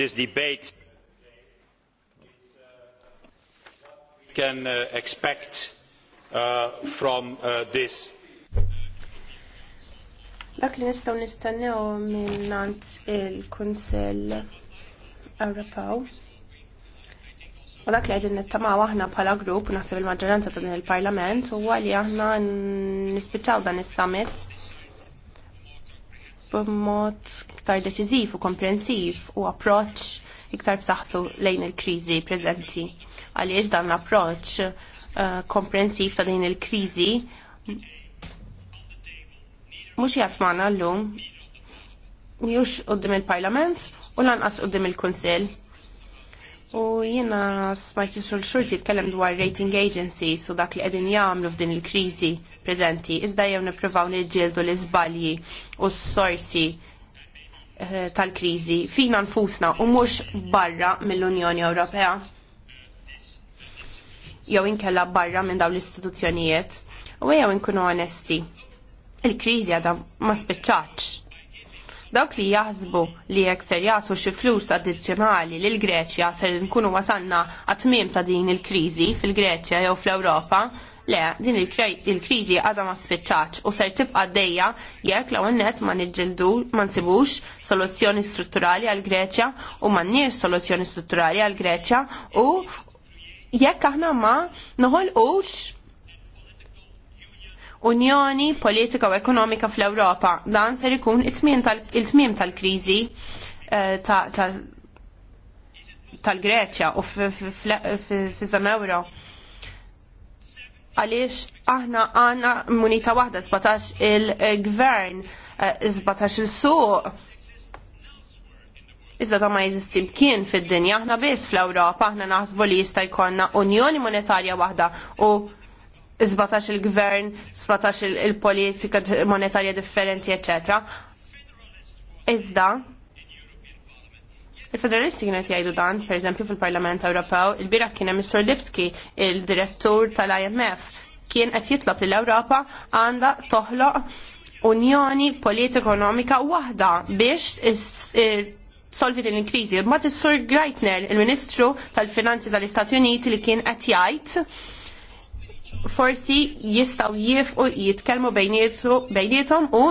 this debate can uh, expect uh, from uh, this. Dak li nistgħu nistennew minnant il kunsel Ewropew. U dak li għedin nittamaw aħna bħala grupp, naħseb il-maġġoranza ta' din il-Parlament, u għalli aħna nispiċċaw dan is-summit b'mod iktar deċiżiv u komprensiv u approċċ iktar b'saħħtu lejn il-kriżi preżenti. Għaliex dan l-approċċ eh, komprensiv ta' din il-kriżi mhux jgħatmana llum mhux qudiem il-Parlament u lanqas qudiem il-Kunsill U jiena smajt sul xurti jitkellem dwar rating agencies u dak li qegħdin jagħmlu f'din il-kriżi preżenti, iżda jew nippruvaw nġildu l-iżbalji u s-sorsi eh, tal-kriżi fina nfusna u mhux barra mill-Unjoni Ewropea jew inkella barra minn dawn l-istituzzjonijiet u jew inkunu onesti. Il-kriżi għadha ma spiċċaċ Dawk li jaħsbu li jekk ser jagħtu xi flus addizzjonali lil Greċja ser nkunu wasanna għat-tmiem ta' din il-kriżi fil-Greċja jew fl-Ewropa, le din il-kriżi għadha ma spiċċaċ u ser tibqa' dejja jekk l net ma niġġeldu ma nsibux soluzzjoni strutturali għal Greċja u ma nniex soluzzjoni strutturali għal Greċja u jekk aħna ma noħolqux unjoni politika u ekonomika fl-Ewropa. Dan ser ikun il-tmiem tal-kriżi eh, tal-Greċja u fiż-żona euro. Għaliex aħna għanna munita waħda 17 il-gvern, 17 eh, il-suq, iżda ta' ma jizistim kien fid-dinja, aħna biss fl-Ewropa, aħna naħsbu li jista' jkollna unjoni monetarja waħda u Zbatax il-gvern, 17 il-politika monetarja differenti, etc. Iżda, Il-federalisti kienet jgħidu dan, per eżempju, fil-Parlament Ewropew, il-bira kien hemm Mr. Lipski, il-direttur tal-IMF, kien qed jitlob li l-Ewropa għandha toħloq unjoni politika ekonomika waħda biex solvi din il-kriżi. Ma sur Greitner, il-Ministru tal-Finanzi tal-Istati Uniti li kien qed jgħid forsi jistaw jifqu jitkelmu bejnietom u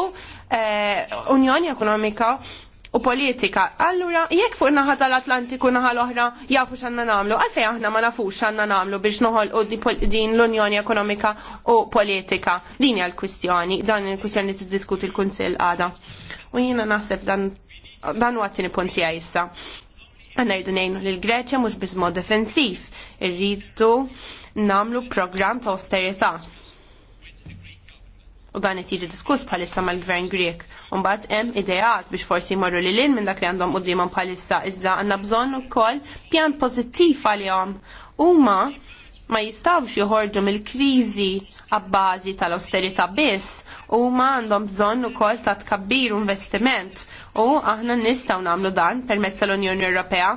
u eh, Unjoni Ekonomika u politika. Allura, jekk fuq naħa tal-Atlantiku naħa l-oħra jafu xanna namlu, għalfej aħna ma nafux xanna namlu biex noħol u din l-Unjoni Ekonomika u Politika. Din hija l-kwistjoni, dan il-kwistjoni tiddiskuti l-Kunsill għada. U jiena naħseb dan dan huwa t-tieni punti issa. Għanna rridu nejnu li l-Greċja mux bizmo defensiv, irridu namlu program ta' austerita. U dan qed jiġi diskuss bħalissa mal-Gvern Grek. mbagħad hemm ideat biex forsi jmorru lil lin minn dak li għandhom qudiemhom bħalissa iżda għandna bżonn ukoll pjan pożittiv għalihom. Huma ma jistawx joħorġu mill-kriżi għabbażi tal-austerità biss u ma għandhom bżonn ukoll ta' tkabbir u investiment u aħna nistgħu nagħmlu dan permezz tal-Unjoni Ewropea.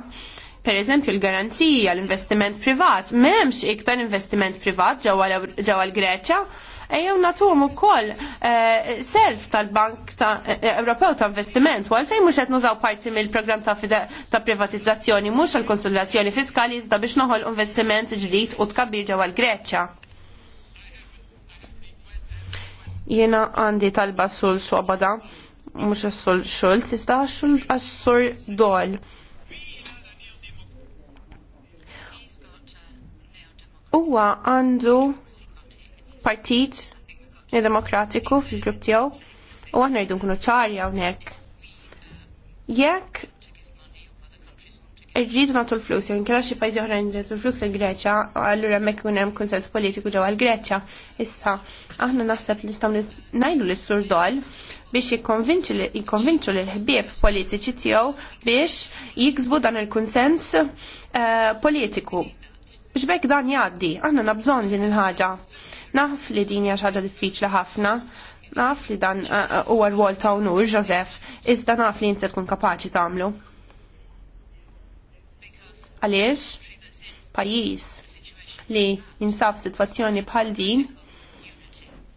Per eżempju, l-garanzija l-investiment privat, m'hemmx iktar investiment privat ġewwa l-Greċja, ejjew nagħtuhom ukoll eh, self tal-Bank eh, Ewropew ta' Investiment u għalfejn mhux qed nużaw parti mill-programm ta' privatizzazzjoni mhux għal konsolidazzjoni fiskali iżda biex noħol investiment ġdid u tkabbir ġewwa l-Greċja. Jiena għandi talba sul swabada, mux sul xul iżda għassur dol. Uwa għandu partit demokratiku fil-grupp tiegħu u aħna kunu nkunu ċari hawnhekk. Jekk irridu nagħtu l-flus, jew inkella xi pajjiżi uħra nagħtu l-flus il-Greċja, allura hemmhekk ikun hemm konsens politiku ġewwa l-Greċja. Issa aħna naħseb li nistgħu ngħidu lis sur dol biex jikkonvinċu l-ħbieb politiċi tiegħu biex jiksbu dan il-kunsens eh, politiku. Biex bekk dan jgħaddi, aħna nabżon din il-ħaġa Naf li din hija xi ħaġa diffiċli ħafna, naf li dan eh, eh, huwa rwol ta' unur, Joseph, iżda naf li inti tkun kapaċi tagħmlu. Għaliex? Pajjiż li jinsaf sitwazzjoni bħal din,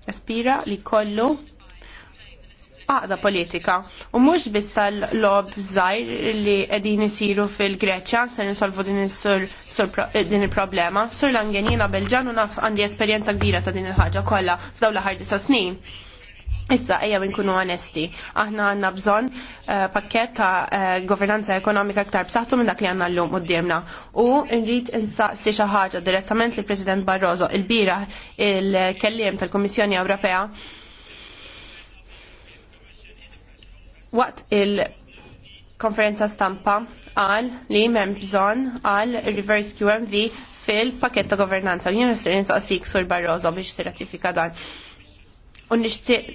jaspira li kollu għaqda politika u mhux biss tal-lob żgħir li qegħdin isiru fil-Greċja se nisolvu din is-din il-problema. Sur Langenina Belġan u naf għandi esperjenza kbira ta' din il-ħaġa kollha f'dawn l-aħħar disa' snin. Issa, eja nkunu onesti. Aħna għanna bżon eh, pakket ta' eh, governanza ekonomika ktar b'saħħtu minn dak li għanna l-lum u d-diemna. U nrid insaqsi xi ħaġa direttament li President Barroso il-bira il-kelliem tal-Kummissjoni Ewropea waqt il-konferenza stampa għal li m'emm bżon għal reverse QMV fil-paketta governanza. Jien nistir nisaqsik sur Barroso biex tirratifika dan. U nixtieq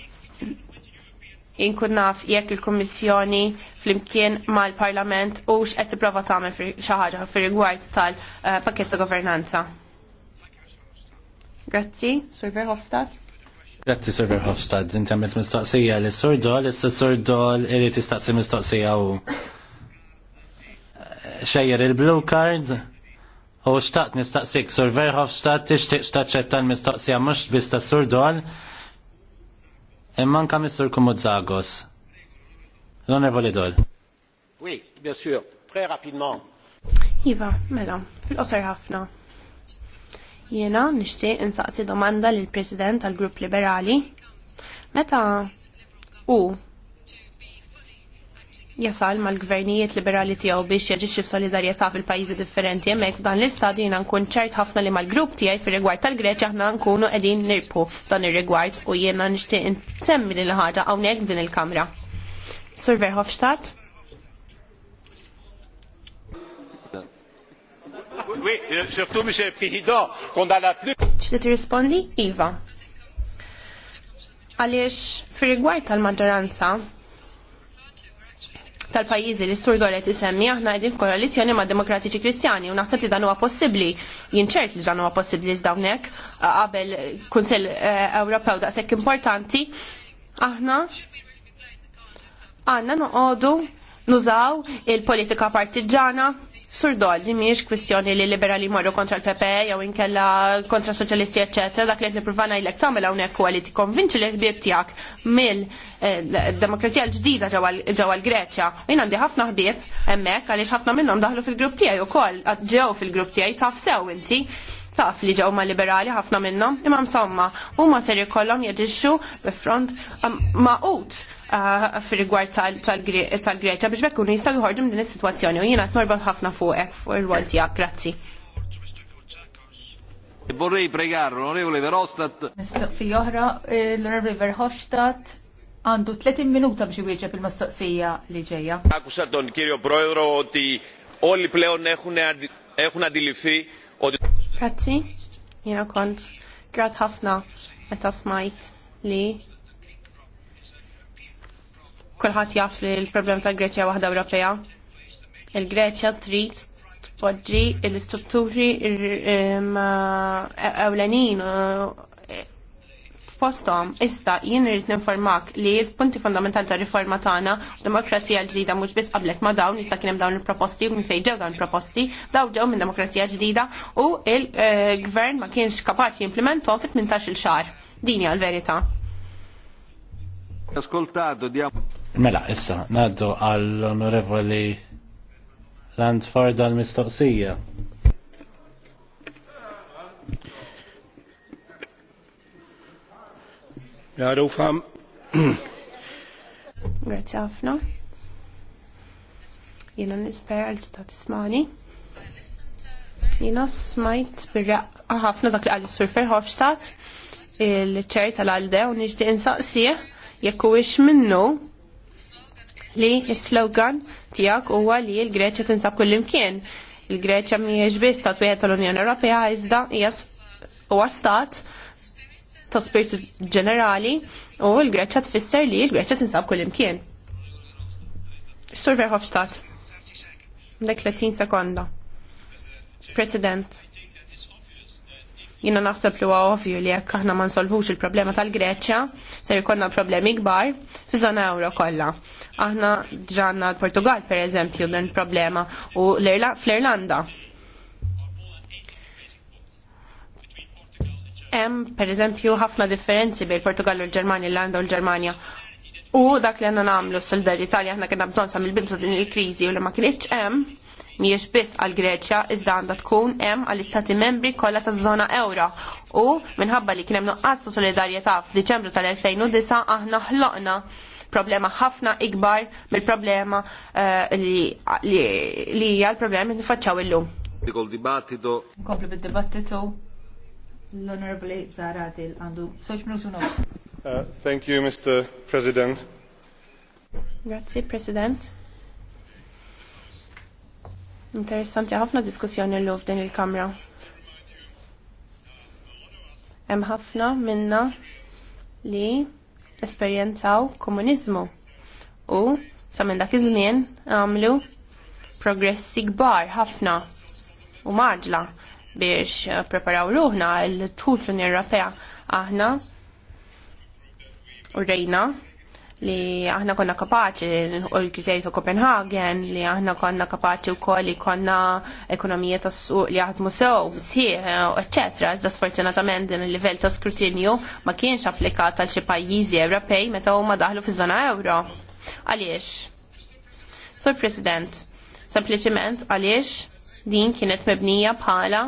inkun naf jekk il-Kummissjoni flimkien mal-Parlament u x'qed tipprova tagħmel xi ħaġa fir-rigward tal-paketta eh, governanza. Grazzi, Sur Verhofstadt. Grazzi, Sir Verhofstadt. Inti għamilt mistoqsija li Sir Dol, issa Sir Dol irri tistaqsi mistoqsija u xejjer il-blue card. U xtaqt nistaqsik Sir Verhofstadt tixtieq xtaċċetta l-mistoqsija mux bista ta' Sir Dol imman kam mis-Sur Kumuzzagos. L-Onorevoli Dol. Oui, bien sûr, très rapidement. Iva, mela, fil qosar ħafna. Jena nishtiq insaqsi domanda lil president tal-Grupp Liberali. Meta u jasal mal-gvernijiet liberali tiegħu biex jaġixxi f'solidarjetà fil-pajjiżi differenti hemmhekk f'dan l-istadju jiena nkun ċert ħafna li mal-grupp tiegħi fir-rigward tal greċja aħna nkunu qegħdin nirpu f'dan ir-rigward u jiena nixtieq insemmi lil ħaġa hawnhekk din il-Kamra. Sur Verhofstadt? Oui, euh, surtout, Monsieur qu'on a la plus... Iva. Għaliex, fir rigward tal-maġġoranza tal-pajjiżi li s-sur dolet isemmi aħna għedin f'koalizjoni ma' demokratiċi kristjani u naħseb li dan huwa possibbli, jinċert li dan huwa possibbli żdawnek qabel Kunsell eh, Ewropew daqshekk importanti, aħna għanna noqogħdu nużaw il-politika partiġana Surdol, li miex kwistjoni li liberali marru kontra l-PP, e jew inkella kontra soċjalisti, eccetera, dak li qed nipprova ngħidlek tagħmel hawnhekk huwa li tikkonvinċi li ħbieb tiegħek mill-demokrazija eh, l-ġdida ġewwa l-Greċja. Jien għandi ħafna ħbieb hemmhekk għaliex ħafna minnhom daħlu fil-grupp tiegħi wkoll ġew fil-grupp tiegħi taf sew inti taf li ġew ma liberali ħafna minnhom imma msomma huma ser ikollhom jeġixxu bi front maqut Eh, rigward tal-Greċa biex minn ħafna fuq il Grazzi. Vorrei pregare l'onorevole Verhofstadt. Mistoqsija oħra, Verhofstadt għandu 30 minuta biex iwieġeb il-mistoqsija li ġejja. Akusa kirjo Proedro oti όλοι pleon eħuna dilifi. Grazzi, jena kont, grat ħafna meta smajt li kulħadd jaff li l problem tal-Greċja waħda Ewropea. Il-Greċja trid tpoġġi l-istrutturi um, e-, ewlenin uh, fostom issa jien irid informak li l-punti fundamentali ta' riforma tagħna demokrazija ġdida mhux biss qablet ma' dawn jista' kien hemm dawn il-proposti u minn fejn ġew dawn il-proposti daw ġew minn demokrazija ġdida u il-gvern uh, ma kienx kapaċi jimplementom fit-18 il xahar. Din hija l-verità. Ascoltato, diamo. Mela, issa, naddu għall-onorevoli Landford għal-mistoqsija. Jarufam. Grazie ħafna. Jena nisper għal ta' tismani. Jena smajt birraqqa ħafna dak li għal surfer Hofstadt il-ċer l għalde u nixdi insaqsija jekku minnu li s-slogan tijak huwa li l-Greċja tinsab kullimkien. Il-Greċja mhijiex biss stat wieħed tal-Unjoni Ewropea iżda hija huwa stat ta' spiritu ġenerali u l-Greċja tfisser li l-Greċja tinsab kullimkien. Sur Verhofstadt. Dek 30 sekonda. President. Jina naħseb li huwa ovvju li jekk aħna ma nsolvux il-problema tal-Greċja, se jkollna problemi kbar fi żona euro kollha. Aħna ġanna l-Portugal pereżempju din il-problema u fl-Irlanda. Hemm pereżempju ħafna differenzi bejn Portugal u l-Ġermanja, l-Irlanda u l-Ġermanja. U dak li għanna namlu solidarità Italia għanna kena bżon sa' mil bidu din il-krizi u li ma kienieċ hemm mhijiex biss għal Greċja iżda għandha tkun hemm għall istati membri kollha taż-żona ewra u minħabba li kien hemm nuqqas ta' solidarjetà f'Diċembru tal-2009 aħna ħloqna problema ħafna ikbar mill-problema eh, li hija l-problema li nifaċċaw illum. Dikol dibattitu. bid-dibattitu l honorable Zaradil għandu soċ minutu uh, Thank you, Mr. President. Grazie, President. Interessanti ħafna diskussjoni l f'din il-kamra. Hemm ħafna minna li esperjenzaw komuniżmu u sa minn dak iż-żmien għamlu progressi kbar ħafna u maġla biex eh, preparaw ruħna l-tul fl-Unjoni Ewropea aħna u rejna li aħna konna kapaċi u l-kriterji ta' Copenhagen li aħna konna kapaċi u koll li konna ekonomija ta' suq li għatmu sew, sħiħ, ecc. Iżda sfortunatament din il-livell ta' skrutinju ma kienx applikat għal xi pajjiżi Ewropej meta huma daħlu fiż-żona euro. Għaliex? Sur President, sempliċiment għaliex din kienet mebnija bħala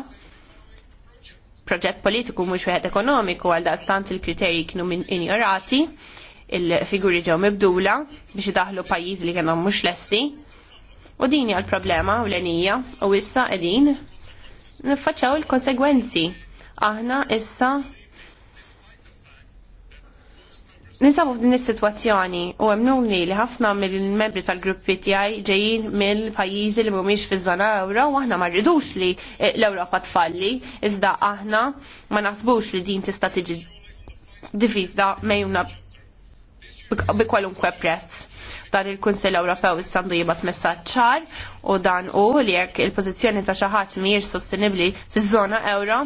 proġett politiku mhux wieħed ekonomiku għal stant il-kriterji kienu injorati il-figuri ġew mibdula biex idaħlu pajjiż li kienu mhux lesti. U din hija l-problema u l-enija u issa qegħdin niffaċċaw il-konsegwenzi. Aħna issa Ninsabu f'din is-sitwazzjoni u hemmnuni li ħafna mill-membri tal-gruppi tiegħi ġejjin mill-pajjiżi li mhumiex fiż-żona ewro u aħna ma rridux li eh, l-Ewropa tfalli, iżda aħna ma naħsbux li din tista' tiġi difiża mejjuna bi kwalunkwe prezz. Dan il-Kunsell Ewropew issandu jibat messaġġ ċar u dan u li jekk il-pożizzjoni ta' xi ħadd mhijiex sostenibbli fiż-żona euro,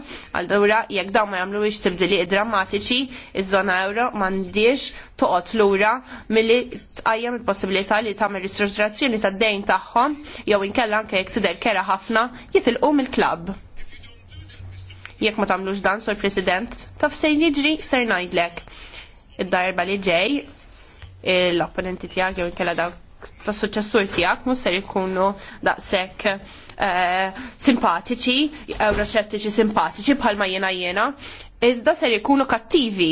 allura jekk dawn ma jagħmluwix tibdiliq drammatiċi, iż-żona euro m'għandix toqgħod lura milli tqajjem il-possibilità li tagħmel ristrutturazzjoni tad-dejn tagħhom jew inkella anke jekk tidher kera ħafna jitilqu mill-klabb. Jekk ma tagħmlux dan, sur President, taf se jiġri ser ngħidlek id-darba li ġej l-opponenti tijak jew kella dawk ta' suċessur tijak mus ser ikunu sekk eh, simpatiċi, euroxettiċi simpatiċi bħalma jena jena, iżda ser ikunu kattivi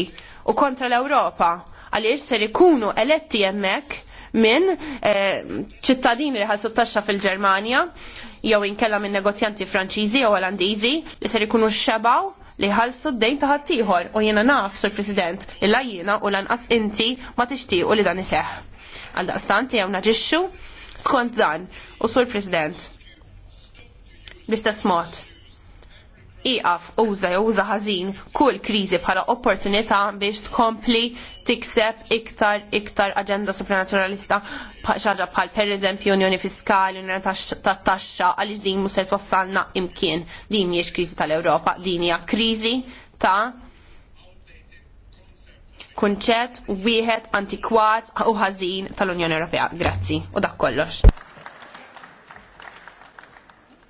u kontra l-Europa għaliex ser ikunu eletti jemmek minn eh, ċittadini li ħassu taxxa fil-Ġermanja jew inkella minn negozjanti Franċiżi jew Olandiżi li ser ikunu xebgħu li ħalsu d-dejn ta' ħaddieħor u jiena naf, Sur President, illa jiena u lanqas inti ma tixtiequ li dan iseħħ. Għaldaqstant jew naġixxu skont dan u Sur President. bl mod iqaf uża jew uża ħażin kull kriżi bħala opportunità biex tkompli tikseb iktar iktar aġenda supranaturalista xaġa bħal pereżempju unjoni fiskali, unjoni tat-taxxa għaliex din mhux se twassalna imkien. Din mhijiex kriżi tal-Ewropa, din hija kriżi ta' kunċett wieħed antikwat u ħażin tal-Unjoni Ewropea. Grazzi. U dak kollox.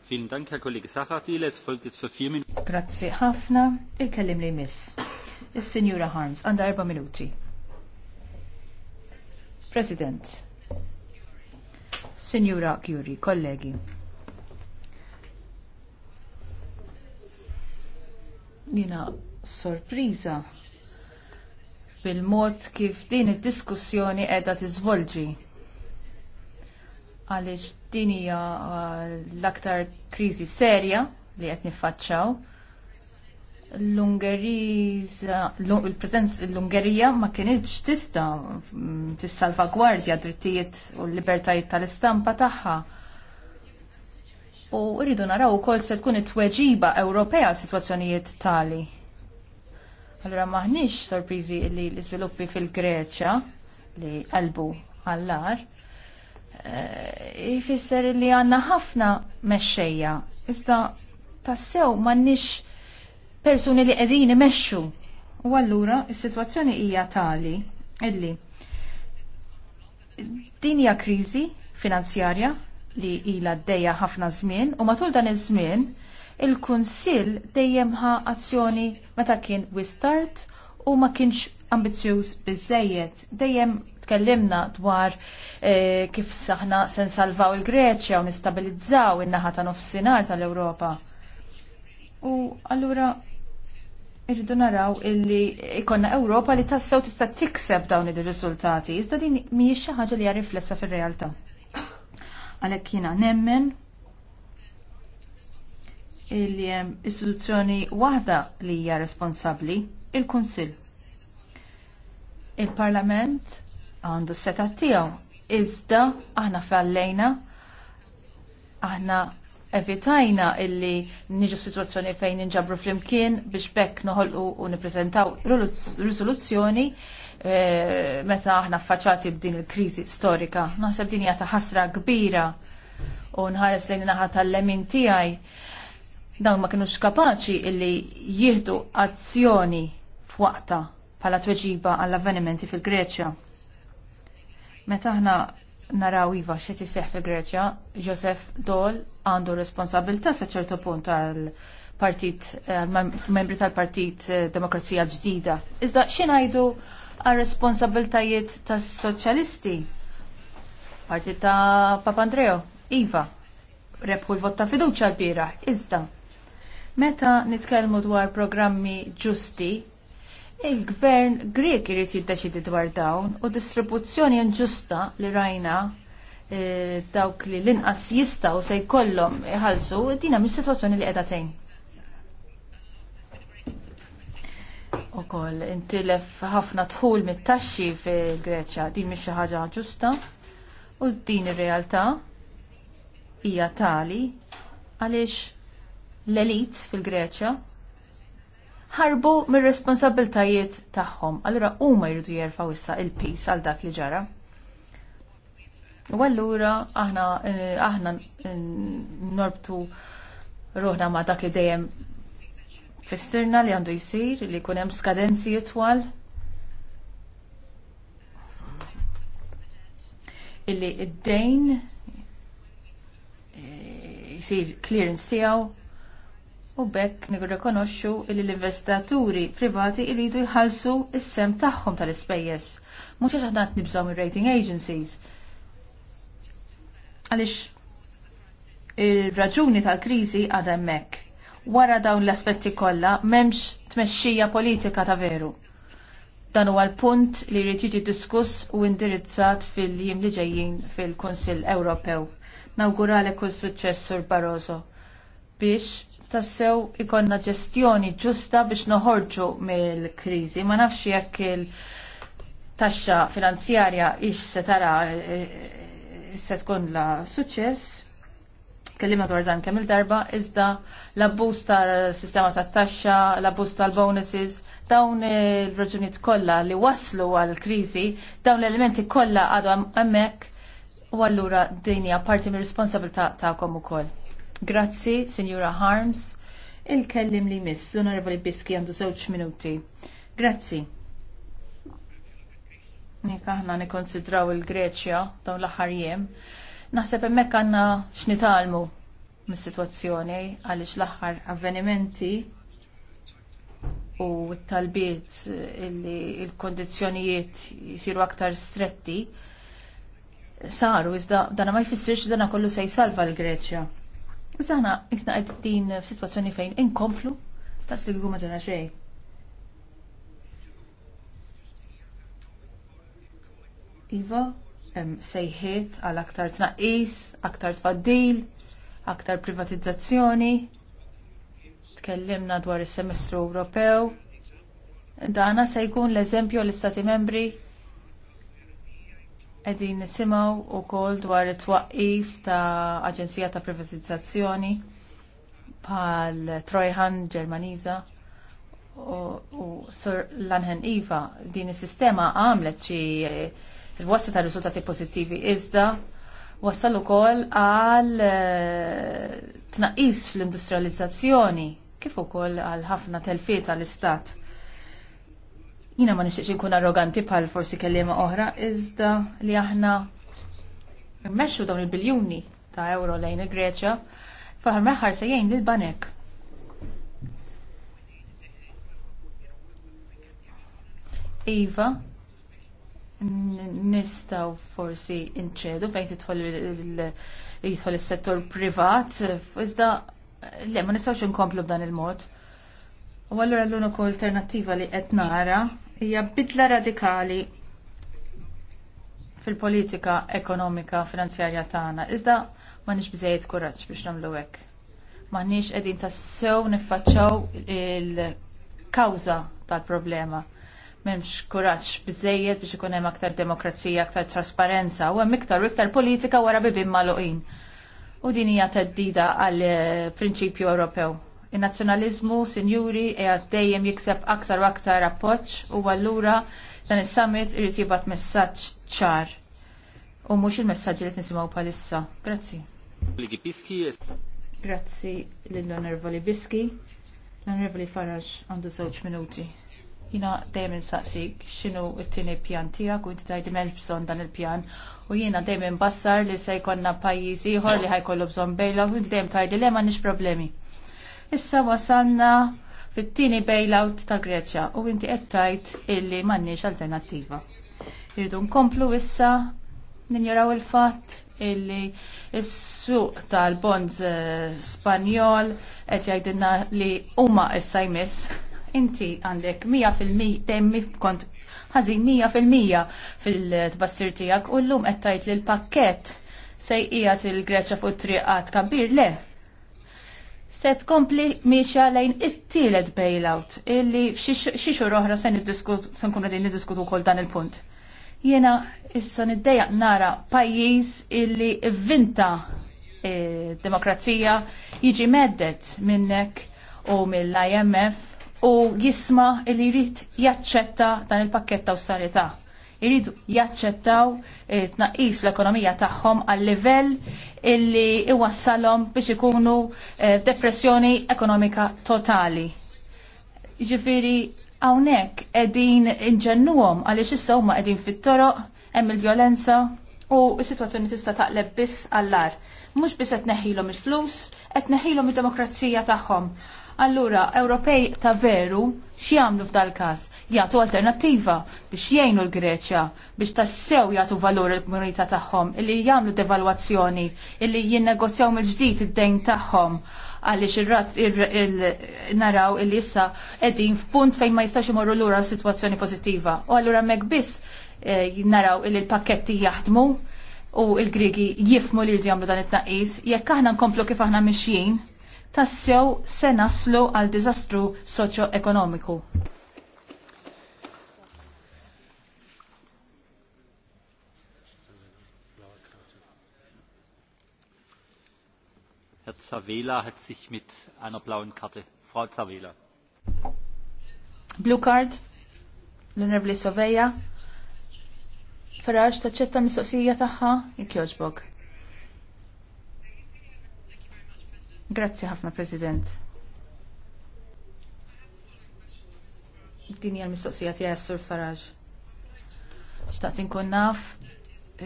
Grazzi ħafna, il-kellim li miss. Is-Sinjura Harms, għandha erba' minuti. President, Signora Curie, kollegi. Jina sorpriza bil-mod kif din id-diskussjoni qiegħda tiżvolġi għaliex din hija uh, l-aktar kriżi serja li qed niffaċċaw. l ungerija l-Ungerija ma kienx tista mm, tissalvagwardja drittijiet u l-libertajiet tal-istampa tagħha. U rridu naraw ukoll se tkun it-tweġiba Ewropea sitwazzjonijiet tali. Allora maħniex sorpriżi li l-iżviluppi fil-Greċja li qalbu għall lar jfisser li għanna ħafna mexxejja. Iżda tassew mannix persuni li qegħdin imexxu. U allura is-sitwazzjoni hija tali illi din hija kriżi finanzjarja li ilha dejja ħafna żmien u matul dan iż-żmien il-Kunsill dejjem ħa azzjoni meta kien wistart u ma kienx ambizzjuż biżejjed. Dejjem tkellimna dwar Eh, kif saħna se nsalvaw il-Greċja u nistabilizzaw in-naħa ta' nofsinhar tal-Ewropa. U allura irridu naraw illi ikonna Ewropa li tassew tista' tikseb dawn ir-riżultati. Iżda din mhijiex xi ħaġa li hija riflessa fir-realtà. Għalhekk jiena nemmen illi hemm istituzzjoni waħda li hija responsabbli, il-Kunsill. Il-Parlament għandu s-seta tiegħu Iżda aħna fallejna, aħna evitajna illi niġu situazzjoni fejn ninġabru flimkien biex bekk noħolqu u niprezentaw risoluzzjoni eh, meta aħna affaċċati b'din il-kriżi storika. Naħseb din hija ta' ħasra kbira u nħares lejn naħa tal-lemin tiegħi dawn ma kinux kapaċi illi jieħdu azzjoni f'waqta bħala tweġiba għall-avvenimenti fil-Greċja. Meta aħna naraw iva xe tiseħ fil Greċja, Joseph Dol għandu responsabilta sa ċertu punt għal partit, membri tal-partit eh, Demokrazija Ġdida. Iżda xinajdu għal responsabiltajiet tas soċjalisti Partit ta' Papandreo, Iva, rebħu l-vot ta' fiduċa l-bira, iżda. Meta nitkellmu dwar programmi ġusti, Il-gvern Grek irid jiddeċidi dwar dawn u distribuzzjoni inġusta li rajna eh, dawk li l-inqas jistgħu se jkollhom iħallsu dina mis-sitwazzjoni li qiegħda tgħin. Ukoll intilef ħafna tħul mit-taxxi fil-Greċja din mhix xi ħaġa ġusta u din ir-realtà hija tali għaliex l-elit fil-Greċja ħarbu mir-responsabiltajiet tagħhom. Allura huma jridu jerfgħu issa il-pis għal dak li ġara. U allura aħna eh, aħna eh, norbtu ruħna ma' dak li dejjem fissirna li għandu jisir, li jkun hemm skadenzi jitwal. Illi id-dejn eh, jisir clearance tiegħu u bekk nirrikonoxxu li l-investaturi privati jridu jħallsu s sem tagħhom tal-ispejjeż. Mhux għax aħna qed nibżgħu rating agencies. Għaliex ir-raġuni tal-kriżi għadha hemmhekk. Wara dawn l-aspetti kollha m'hemmx tmexxija politika ta' veru. Dan huwa l-punt li jrid jiġi diskuss u indirizzat fil-jiem li ġejjin fil-Kunsill Ewropew. Nawguralek kull suċċess Sur Barroso biex tassew ikonna ġestjoni ġusta biex noħorġu mill-kriżi. Ma nafx jekk il-taxxa finanzjarja ix se tara eh, se tkun la suċċess. Kellima dwar dan kemm il-darba, iżda l-abbuż tal-sistema tat-taxxa, l-abbuż tal-bonuses, dawn il-raġunijiet kollha li waslu għal-kriżi, dawn l-elementi kollha għadhom hemmhekk u allura din hija parti mir-responsabilità tagħkom ukoll. Grazzi, Signora Harms. Il-kellim li miss, l-Onorevoli Biski għandu żewġ minuti. Grazzi. Nek aħna nikonsidraw il-Greċja dawn l-aħħar jiem. Naħseb hemmhekk għandna x'nitalmu mis-sitwazzjoni għaliex l-aħħar avvenimenti u t-talbiet illi il-kondizzjonijiet jisiru aktar stretti saru iżda dana ma jfissirx dana kollu se jsalva l-Greċja Iżana, jisna għed din situazzjoni fejn inkomplu ta' s ma' ġena xej. Iva, sejħiet għal aktar tnaqis, aktar tfaddil, aktar privatizzazzjoni. Tkellimna dwar is-semestru Ewropew. Dana se jkun l-eżempju l-Istati membri Qegħdin nisimgħu wkoll dwar it-twaqqif ta' Aġenzija ta' Privatizzazzjoni bħal Trojhan Ġermaniża u Sir Lanhen Iva din is-sistema għamlet xi il-wassa ta' riżultati pożittivi iżda wassal ukoll għal eh, tnaqqis fl-industrializzazzjoni kif ukoll għal ħafna telfiet għall istat Jina ma nixtieqx inkun arroganti bħal forsi kelliema oħra, iżda li aħna mmexxu dawn il-biljuni ta' euro lejn il-Greċja, faħar meħħar se jgħin lill banek Iva, nistaw forsi inċedu fejn jidħol is-settur privat, iżda le ma nistgħux inkomplu b'dan il-mod. U allura l-uniku alternattiva li qed nara hija bidla radikali fil-politika ekonomika finanzjarja tagħna. Iżda m'għandniex biżejjed kuraġġ biex nagħmlu hekk. M'għandniex qegħdin tassew niffaċċaw il-kawża tal-problema. M'hemmx kuraġġ biżejjed biex ikun hemm aktar demokrazija, aktar trasparenza, u hemm iktar u iktar politika wara bibien magħluqin. U din hija teddida għall prinċipju Ewropew il nazjonalizmu sinjuri, e dejjem jikseb aktar u aktar appoġġ u allura dan is-summit irrit jibgħat messaġġ ċar u mhux il-messaġġ li nisimgħu bħalissa. Grazzi. Grazzi lill onorvoli Biski. L-Onorevoli Farage għandu żewġ minuti. Jina dejjem insaqsik x'inhu t-tieni pjan tiegħek u inti tgħidli m'hemmx bżonn dan il-pjan u jiena dejjem imbassar li se jkollna ħor li ħajkollu bżonn bejla u inti dejjem tgħidli le problemi. Issa wasanna fit-tieni bailout ta' Greċja u inti qed tgħid illi m'għandniex alternattiva. Irdu nkomplu issa ninjaraw il-fatt illi s-suq tal-bonds eh, spanjol qed jgħidilna li huma issa jmiss inti għandek 100% temmi kont ħażin 100% fil-tbassir tiegħek u llum qed tgħid li l-pakkett se il-Greċja fuq triqat kabir le se tkompli miexa lejn it-tielet bailout illi xi xhur oħra se niddiskutu nkunu qegħdin niddiskutu wkoll dan il-punt. Jiena issa niddejjaq nara pajjiż illi vinta e, demokrazija jiġi meddet minnek u mill-IMF u jisma illi jrid jaċċetta dan il-pakketta awsarietà jiridu jaċċettaw e, tnaqqis l-ekonomija tagħhom għal livell illi iwassalhom biex ikunu eh, f'depressjoni ekonomika totali. Ġifiri, hawnhekk qegħdin inġennuhom għaliex issa huma qegħdin fit-toroq, hemm il-vjolenza u s-sitwazzjoni tista' taqleb biss għall-ar. Mhux biss qed neħilhom il-flus, qed neħilhom id-demokrazija tagħhom. Allura, Ewropej ta' veru x'jagħmlu f'dal każ? Jagħtu alternattiva biex jgħinu l-Greċja biex tassew jagħtu valur il-komunità tagħhom illi jagħmlu devalwazzjoni, illi jinnegozjaw mill-ġdid id-dejn tagħhom għaliex ir-razz naraw il-naraw illi issa qegħdin f'punt fejn ma jistax imorru lura situazzjoni pożittiva. U allura mek biss eh, naraw illi l-pakketti jaħdmu u l-Griegi jifmu li jridu jagħmlu dan it-tnaqqis, jekk aħna nkomplu kif aħna mixjin, tassew se naslu għal diżastru soċjo-ekonomiku. Herr Zavela hat sich mit einer blauen Karte. Frau Zavela. Blue card. l nervli Soveja. Ferraġ taċċetta mistoqsija tagħha jekk jogħġbok. Grazzi ħafna, President. Dini għal l jessur tiegħi Faraġ. Xtaqt inkun naf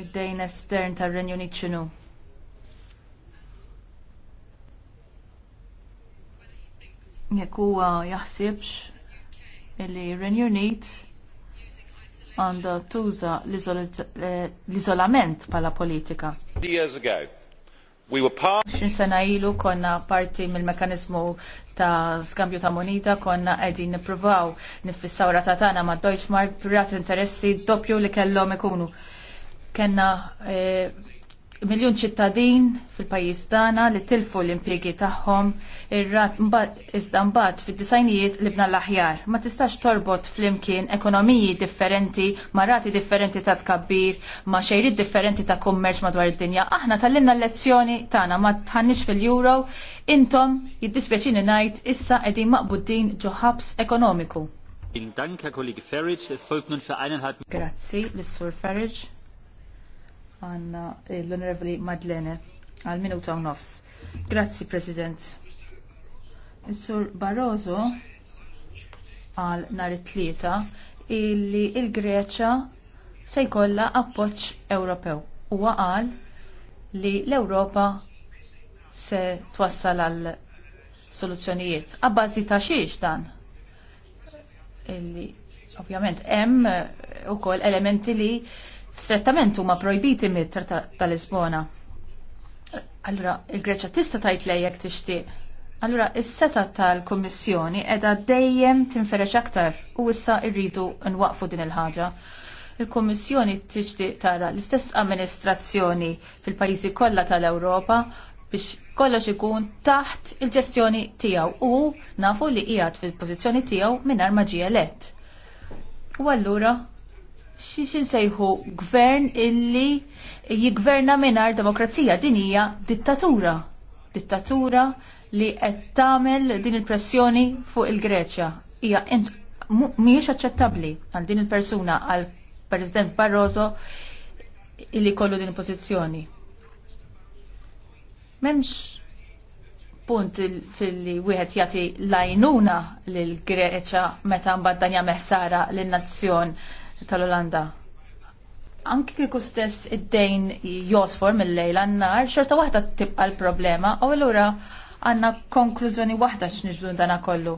id-dejn estern tal renju Unit x'inhu. Jekk huwa jaħsibx li Renju għandha tuża l-iżolament eh, pala politika. Years ago, X'insena sena ilu konna parti mill-mekanizmu ta' skambju ta' moneta konna qegħdin nippruvaw nifissaw ratatana tagħna ma' Deutschmark b'rat interessi doppju li kellhom ikunu. Kenna eh, miljun ċittadin fil-pajjiż tagħna li tilfu l-impjegi tagħhom ir-rat iżda mbagħad fid-disajnijiet li bna l-aħjar. Ma tistax torbot flimkien ekonomiji differenti, ma rati differenti ta' tkabbir, ma xejrid differenti ta' kummerċ madwar id-dinja. Aħna tallimna l-lezzjoni tagħna ma tħannix fil-euro, intom jiddispjaċini ngħid issa qegħdin maqbuddin ġoħabs ekonomiku. Grazzi, l-Sur Farage għanna l-Onorevoli Madlene għal minuta u nofs. Grazzi, President. Is-Sur Barroso għal nhar it-tlieta illi l il greċja se jkollha appoġġ Ewropew. Huwa qal li l-Ewropa se twassal għal soluzzjonijiet. Abbażi ta' xiex dan? Illi ovvjament hemm ukoll elementi li strettament huma projbiti mit-Trattat tal-Lisbona. Allura, il-Greċa tista' tajt lejjek tixtieq. Allura, is-seta tal-Kummissjoni qiegħda dejjem tinferex aktar u issa rridu nwaqfu din il-ħaġa. Il-Kummissjoni tixtieq tara l-istess amministrazzjoni fil-pajjiżi kollha tal-Ewropa biex kollox ikun taħt il-ġestjoni tiegħu u nafu li qiegħed fil-pożizzjoni tiegħu mingħajr ma ġie elett. U allura xiex insejħu gvern illi jigverna minar demokrazija din hija dittatura. Dittatura li qed tagħmel din il-pressjoni fuq il-Greċja. Hija mhijiex aċċettabbli għal din il-persuna għal President Barroso illi kollu din il-pożizzjoni. Memx punt fil-li wieħed jagħti lajnuna lil Greċja meta mbaddan dan jagħmel ħsara lin-nazzjon tal-Olanda anki kieku stess id-dejn josfor mill-lejl għannar, xorta waħda tibqa l-problema, u l-ura għanna konklużjoni waħda x'niġdu dana kollu.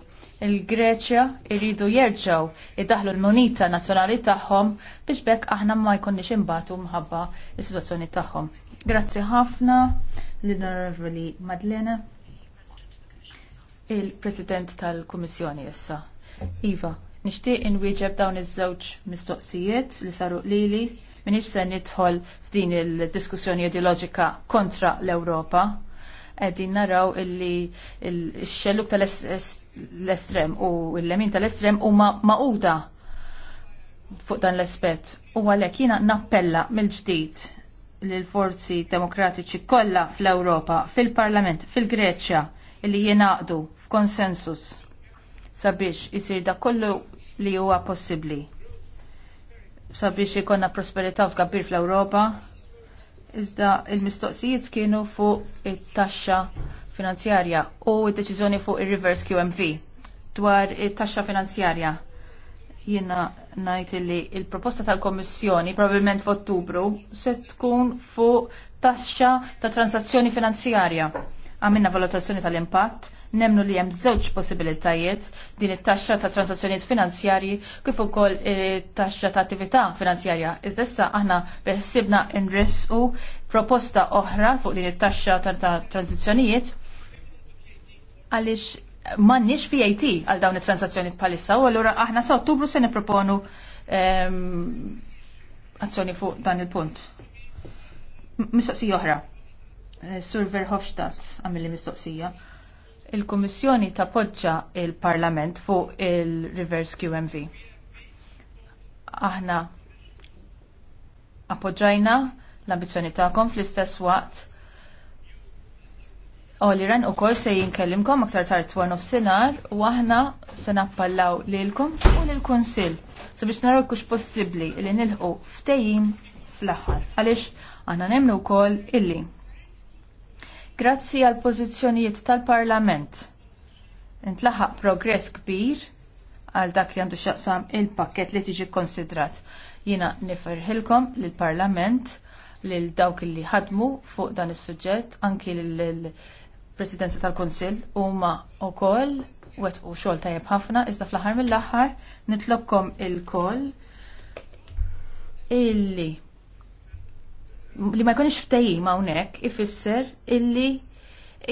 Il-Greċja irridu jerġaw iddaħlu l-monita nazzjonali tagħhom biex bekk aħna ma jkunniex imbatu mħabba is-sitwazzjoni tagħhom. Grazzi ħafna l-Onorevoli Madlena, il-President tal-Kummissjoni issa. Iva, Nixtieq inwieġeb dawn iż-żewġ mistoqsijiet li saru lili minix se nidħol f'din il-diskussjoni ideoloġika kontra l-Ewropa. Qegħdin naraw illi x-xelluk tal-estrem u l-lemin tal-estrem huma ma'uda fuq dan l-aspett. U għalhekk jiena nappella mill-ġdid lill forzi demokratiċi kollha fl-Ewropa, fil-Parlament, fil-Greċja, illi jenaqdu f'konsensus sabiex isir da kollu li huwa possibbli. Sabiex ikonna prosperità u tkabbir fl-Ewropa, iżda il-mistoqsijiet kienu fuq it-taxxa finanzjarja u d-deċiżjoni fuq ir-reverse QMV dwar it-taxxa finanzjarja. Jiena ngħid li l proposta tal-Kommissjoni probabbilment f'Ottubru se tkun fuq taxxa ta' transazzjoni finanzjarja. Għamilna valutazzjoni tal-impatt Nemnu li hemm żewġ possibilitajiet din it-taxxa ta' transazzjonijiet finanzjarji kif ukoll taxxa ta' attività finanzjarja. Iżda issa aħna beħsibna nresqu proposta oħra fuq din it-taxxa ta' transazzjonijiet għaliex m'għandniex VAT għal dawn it-transazzjonijiet bħalissa u allura aħna sa' Ottubru se nipproponu ehm, azzjoni fuq dan il-punt. Mistoqsija oħra. Eh, Sur Verhofstadt għamilli mistoqsija il-Kummissjoni tappoġġa il-Parlament fuq il-Reverse QMV. Aħna appoġġajna l-ambizzjoni tagħkom fl-istess waqt Oliran u kol se jinkellimkom aktar tard twar nofsinhar u aħna se nappallaw lilkom u lill-Kunsill sabiex naraw kux possibbli li nilħu ftejim fl-aħħar. Għaliex aħna nemmnu wkoll illi Grazzi għal pożizzjonijiet tal-Parlament. Intlaħaq progress kbir għal dak li għandu xaqsam il-pakket li tiġi konsidrat. Jina niferħilkom l-Parlament lil dawk li ħadmu fuq dan is-suġġett anki lill presidenza tal-Konsil huma wkoll wet u xogħol tajjeb ħafna iżda fl-aħħar mill-aħħar nitlobkom il kol illi li ma jkunx ftehim hawnhekk ifisser illi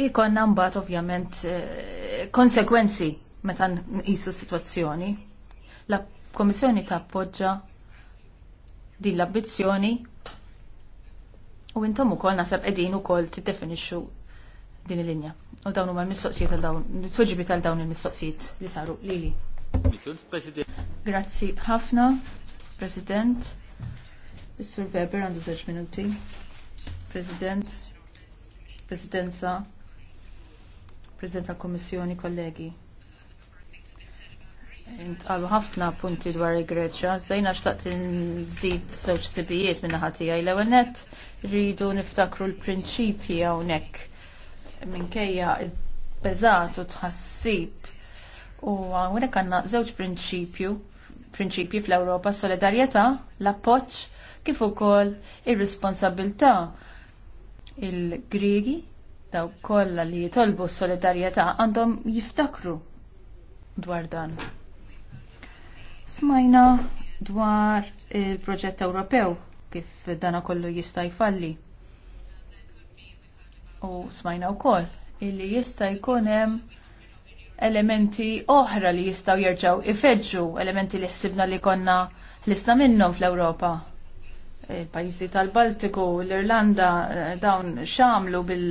jkollna mbagħad ovvjament eh, konsekwenzi meta nqisu s-sitwazzjoni. La Kommissjoni tappoġġa din l-ambizzjoni u intom ukoll naħseb qegħdin ukoll tiddefinixxu din il-linja. U dawn huma l-mistoqsijiet għal dawn, it-tweġibi tal dawn il-mistoqsijiet li saru lili. Grazzi ħafna, President. Is-Sur Weber għandu żewġ minuti. President, Presidenza, President tal-Kommissjoni, kollegi. Intqalu ħafna punti dwar il-Greċja, zejna xtaqt nżid żewġ sibijiet minna ħatijaj l-ewwel nett rridu niftakru l-prinċipji hawnhekk minkejja beżat u tħassib. U hawnhekk għandna żewġ prinċipju, prinċipji fl-Ewropa solidarjetà, l-appoġġ kif ukoll ir-responsabilità il-Griegi daw kollha li jitolbu s-solidarjetà għandhom jiftakru dwar dan. Smajna dwar il-proġett Ewropew kif dana kollu jista' jfalli. U smajna wkoll illi jista' jkun hemm elementi oħra li jistgħu jerġgħu ifeġġu elementi li ħsibna li konna ħlisna minnhom fl-Ewropa il-pajjiżi tal-Baltiku, l-Irlanda eh, dawn xamlu bil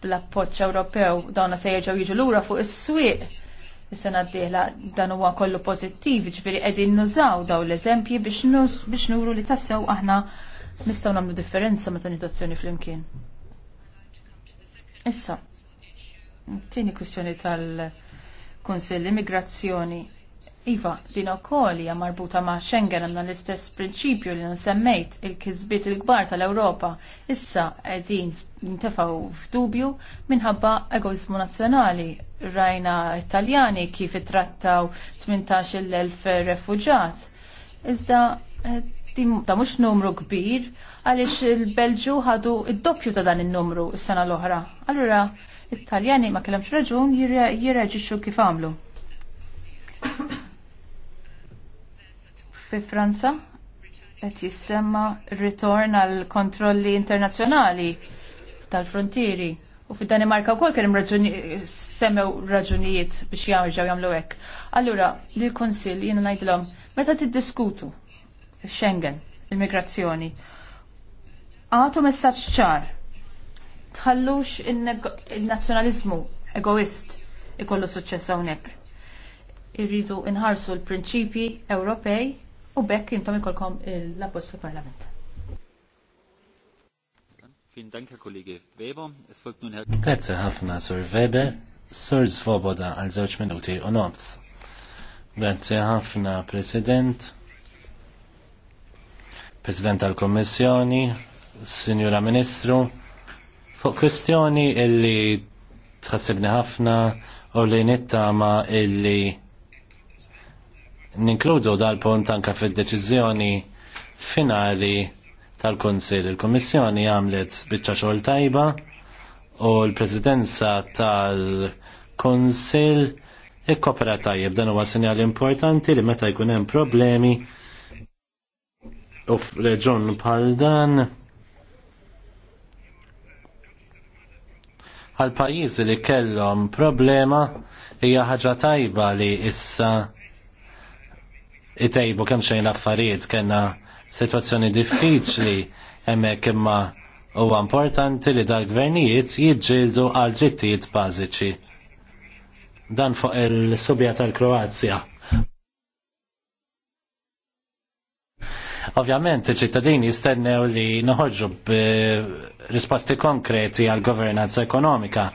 l-appoċ Ewropew dawn se jerġgħu jiġu lura fuq is-swieq is-sena d-dieħla dan huwa kollu pożittiv, ġifieri qegħdin nużaw daw l-eżempji biex nuru li tassew aħna nistgħu nagħmlu differenza meta nitwazzjoni flimkien. Issa, tieni kwistjoni tal-Kunsill immigrazzjoni Iva, din ukoll hija marbuta ma' Schengen għandna l-istess prinċipju li nsemmejt il-kisbiet il-kbar tal-Ewropa issa qegħdin nintefgħu f'dubju minħabba egoizmu nazzjonali. Rajna Italjani kif ittrattaw 18,000 refuġat. Iżda ta' eh, mhux numru kbir għaliex il-Belġu ħadu id-doppju ta' dan in-numru s-sena l-oħra. Allura, it-Taljani ma kellhomx raġun jirreġixxu kif għamlu fi Franza qed jissemma ritorn għal kontrolli internazzjonali tal-frontieri. U fid danimarka wkoll kien hemm semmew raġunijiet biex jarġgħu jagħmlu hekk. Allura, lill kunsill jiena ngħidlhom meta tiddiskutu Schengen, immigrazzjoni, għatu messaġġ ċar. Tħallux in-nazzjonaliżmu egoist ikollu suċċess hawnhekk. Irridu nħarsu l-prinċipji Ewropej u bekk jintom ikolkom l-appoġġ fil parlament Fin Dank, Herr Kollege Weber. Es folgt nun Herr... Grazie ħafna, Sir Weber. Sir Svoboda, għal żewġ minuti u nofs. Grazie ħafna, President. President tal-Kommissjoni, Sinjura Ministru, fuq kwestjoni illi tħassibni ħafna u li nittama illi ninkludu dal-punt anka fid-deċiżjoni finali tal-Konsil. Il-Kommissjoni għamlet biċċa xogħol tajba u l-Presidenza tal-Konsil ikkopera tajjeb dan huwa sinjal importanti li meta jkun hemm problemi u f'reġun bħal dan għal pajjiżi li kellhom problema hija ħaġa tajba li issa itejbu kemm xejn laffariet, affarijiet kena situazzjoni diffiċli hemmhekk imma huwa importanti li dal-gvernijiet jiġġieldu għal drittijiet bażiċi. Dan fuq il-subja tal-Kroazja. Ovvjament, iċ-ċittadini jistennew li noħorġu risposti konkreti għal governanza ekonomika.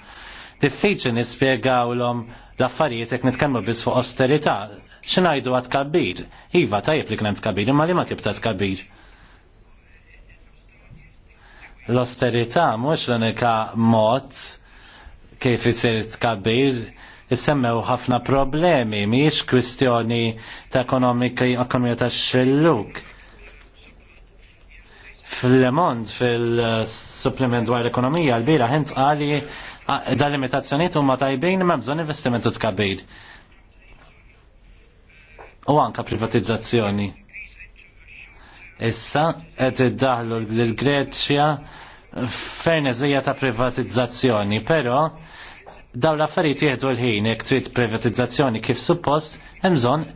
Diffiċli nispjegawlhom l-affarijiet jekk nitkellmu biss fuq austerità xinajdu għat kabir. Iva, jib li kienem tkabbir, imma li ma tibta kabir. L-osterita mux l-unika mod kif isir kabir jissemmew ħafna problemi, miex kwistjoni ta' ekonomika ekonomija ta' xelluk fil-lemond fil-supplement dwar l-ekonomija l-bira hent għali dal limitazzjoniet huma tajbin ma bżonn investimentu kabir u anka privatizzazzjoni. Issa qed iddaħlu l-Greċja fejn eżija ta' privatizzazzjoni, però daw l-affarijiet jieħdu l-ħin jekk trid privatizzazzjoni kif suppost hemm bżonn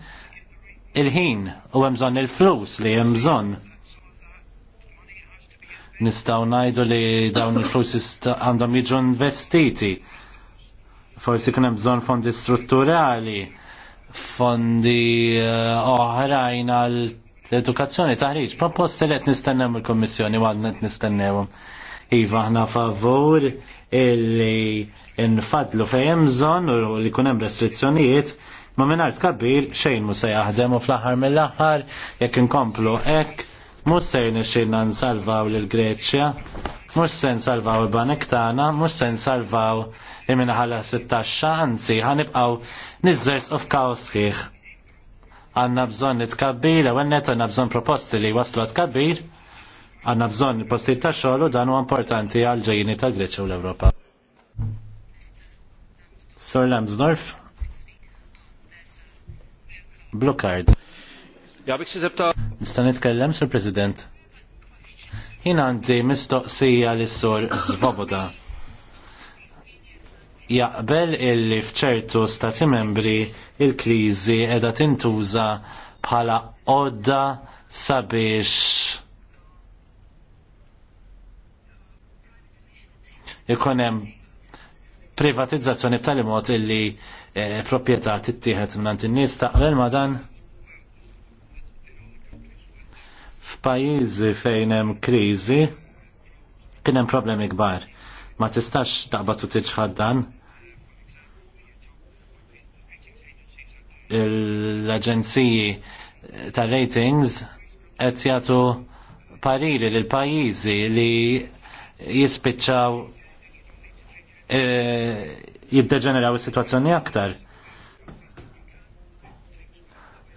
il-ħin u hemm bżonn il-flus li hemm bżonn. Nistgħu ngħidu li dawn il-flus għandhom jiġu investiti. Forsi kien hemm bżonn fondi strutturali fondi eh, oħrajn għal l-edukazzjoni taħriġ. Proposti li qed nistennew il kummissjoni għadna qed nistennewhom. Iva aħna favur illi nfadlu fejn bżonn u li kun hemm restrizzjonijiet ma mingħajr tkabbir xejn mhu se jaħdem u fl-aħħar mill-aħħar jekk inkomplu hekk mhux se nixxilna nsalvaw lil Greċja, mhux se nsalvaw il-banek tagħna, mhux se nsalvaw imina ħala 16 anzi ħanibqgħu nizzers of kaos sħiħ. Għanna bżon nitkabbir, għennet għanna bżon proposti li waslu għatkabbir, għanna bżon posti ta' xogħol u dan huwa importanti għal ġejjini ta' Greċa u l europa Sir Lamsdorf? Blue card. Nista' nitkellem, Sir President? Jina għandi mistoqsija lis sur Zvoboda jaqbel illi fċertu stati membri il-krizi edha tintuża bħala odda sabiex ikun hemm privatizzazzjoni b'tali mod illi eh, proprjetà tittieħed mingħand in-nies taqbel ma dan f'pajjiżi fejn hemm kriżi kien hemm problemi kbar. Ma tistax taqbad u tiġħad dan l-aġenziji ta' ratings qed jagħtu pariri lil pajjiżi li jispiċċaw e, jiddeġeneraw is-sitwazzjoni aktar.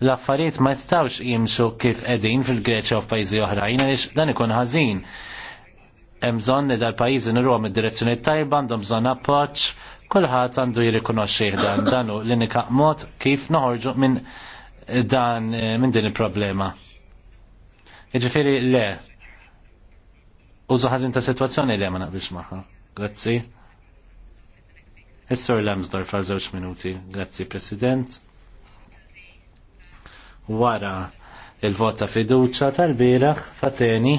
L-affarijiet ma jistawx jimxu kif qegħdin fil-Greċja u f'pajjiżi oħrajn għaliex dan ikun ħażin. Hemm bżonn li dal-pajjiżi nurhom id-direzzjoni tajba, għandhom bżonn appoġġ Kulħadd għandu jirrikonoxxi dan danu l-inika mod kif noħorġu minn dan minn din il-problema. Jiġifieri le. Użu ħażin ta' sitwazzjoni li ma naqbilx magħha. Grazzi. Is-Sur Lemsdorf għal żewġ minuti. Grazzi, President. Wara il-vota fiduċa tal bieraħ fateni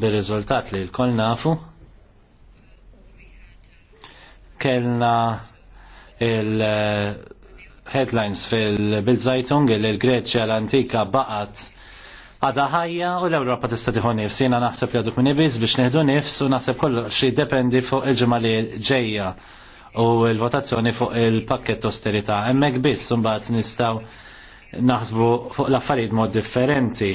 bir-riżultat li l-kol nafu kellna il-headlines fil li il-Greċja l-antika baqat għada ħajja u l ewropa tista' tieħu nifs. Jiena naħseb li għadu kmini biss biex neħdu nifs u naħseb kollox jiddependi fuq il-ġimgħa li ġejja u l-votazzjoni fuq il-pakket austerita. Hemmhekk biss imbagħad nistgħu naħsbu fuq l-affarijiet mod differenti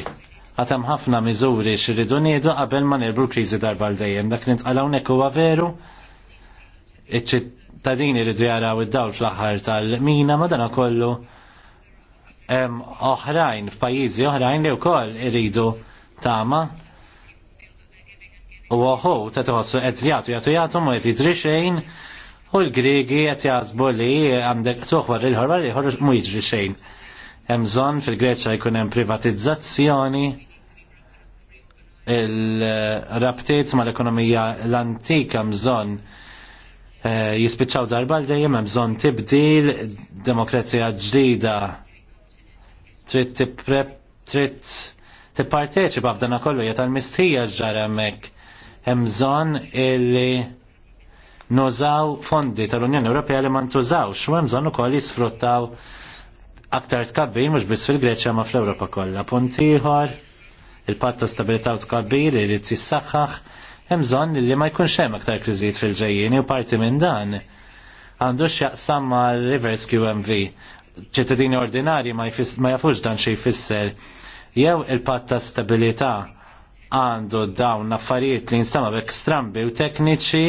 għatem ħafna miżuri xirridu niedu qabel ma nirbu l-kriżi darba dejjem Dak li hawnhekk huwa veru iċ-ċittadini li u id-dawl fl-aħħar tal-mina dana kollu hemm oħrajn f'pajjiżi oħrajn li wkoll iridu tama u għahu, ta' tħossu qed jagħtu jagħtu jagħtu ma qed xejn u l-Griegi qed jaħsbu li għandek tuħwar il-ħorwar li ħorġ mu xejn. Hemm bżonn fil-Greċja jkun hemm privatizzazzjoni il-rabtiet ma l-ekonomija l-antika mżon Eh, jispiċċaw darba l dejjem hemm bżonn tibdil demokrazija ġdida trid tipprep trid tipparteċipa f'dana kollu hija tal-mistija ġara hemmhekk hemm bżonn illi nużaw fondi tal-Unjoni Ewropea li ma ntużawx u hemm bżonn ukoll jisfruttaw aktar tkabbir mhux biss fil-Greċja ma fl-Ewropa kollha. Punt ieħor il-patt ta' stabilità u tkabbir irid jissaħħaħ hemm bżonn li ma jkunx hemm aktar kriżijiet fil-ġejjieni u parti minn dan għandu x'jaqsam ma' reverse QMV. Ċittadini ordinari ma, jafux dan xi jfisser. Jew il-patt ta' stabilità għandu dawn affarijiet li jinstama bekk strambi u tekniċi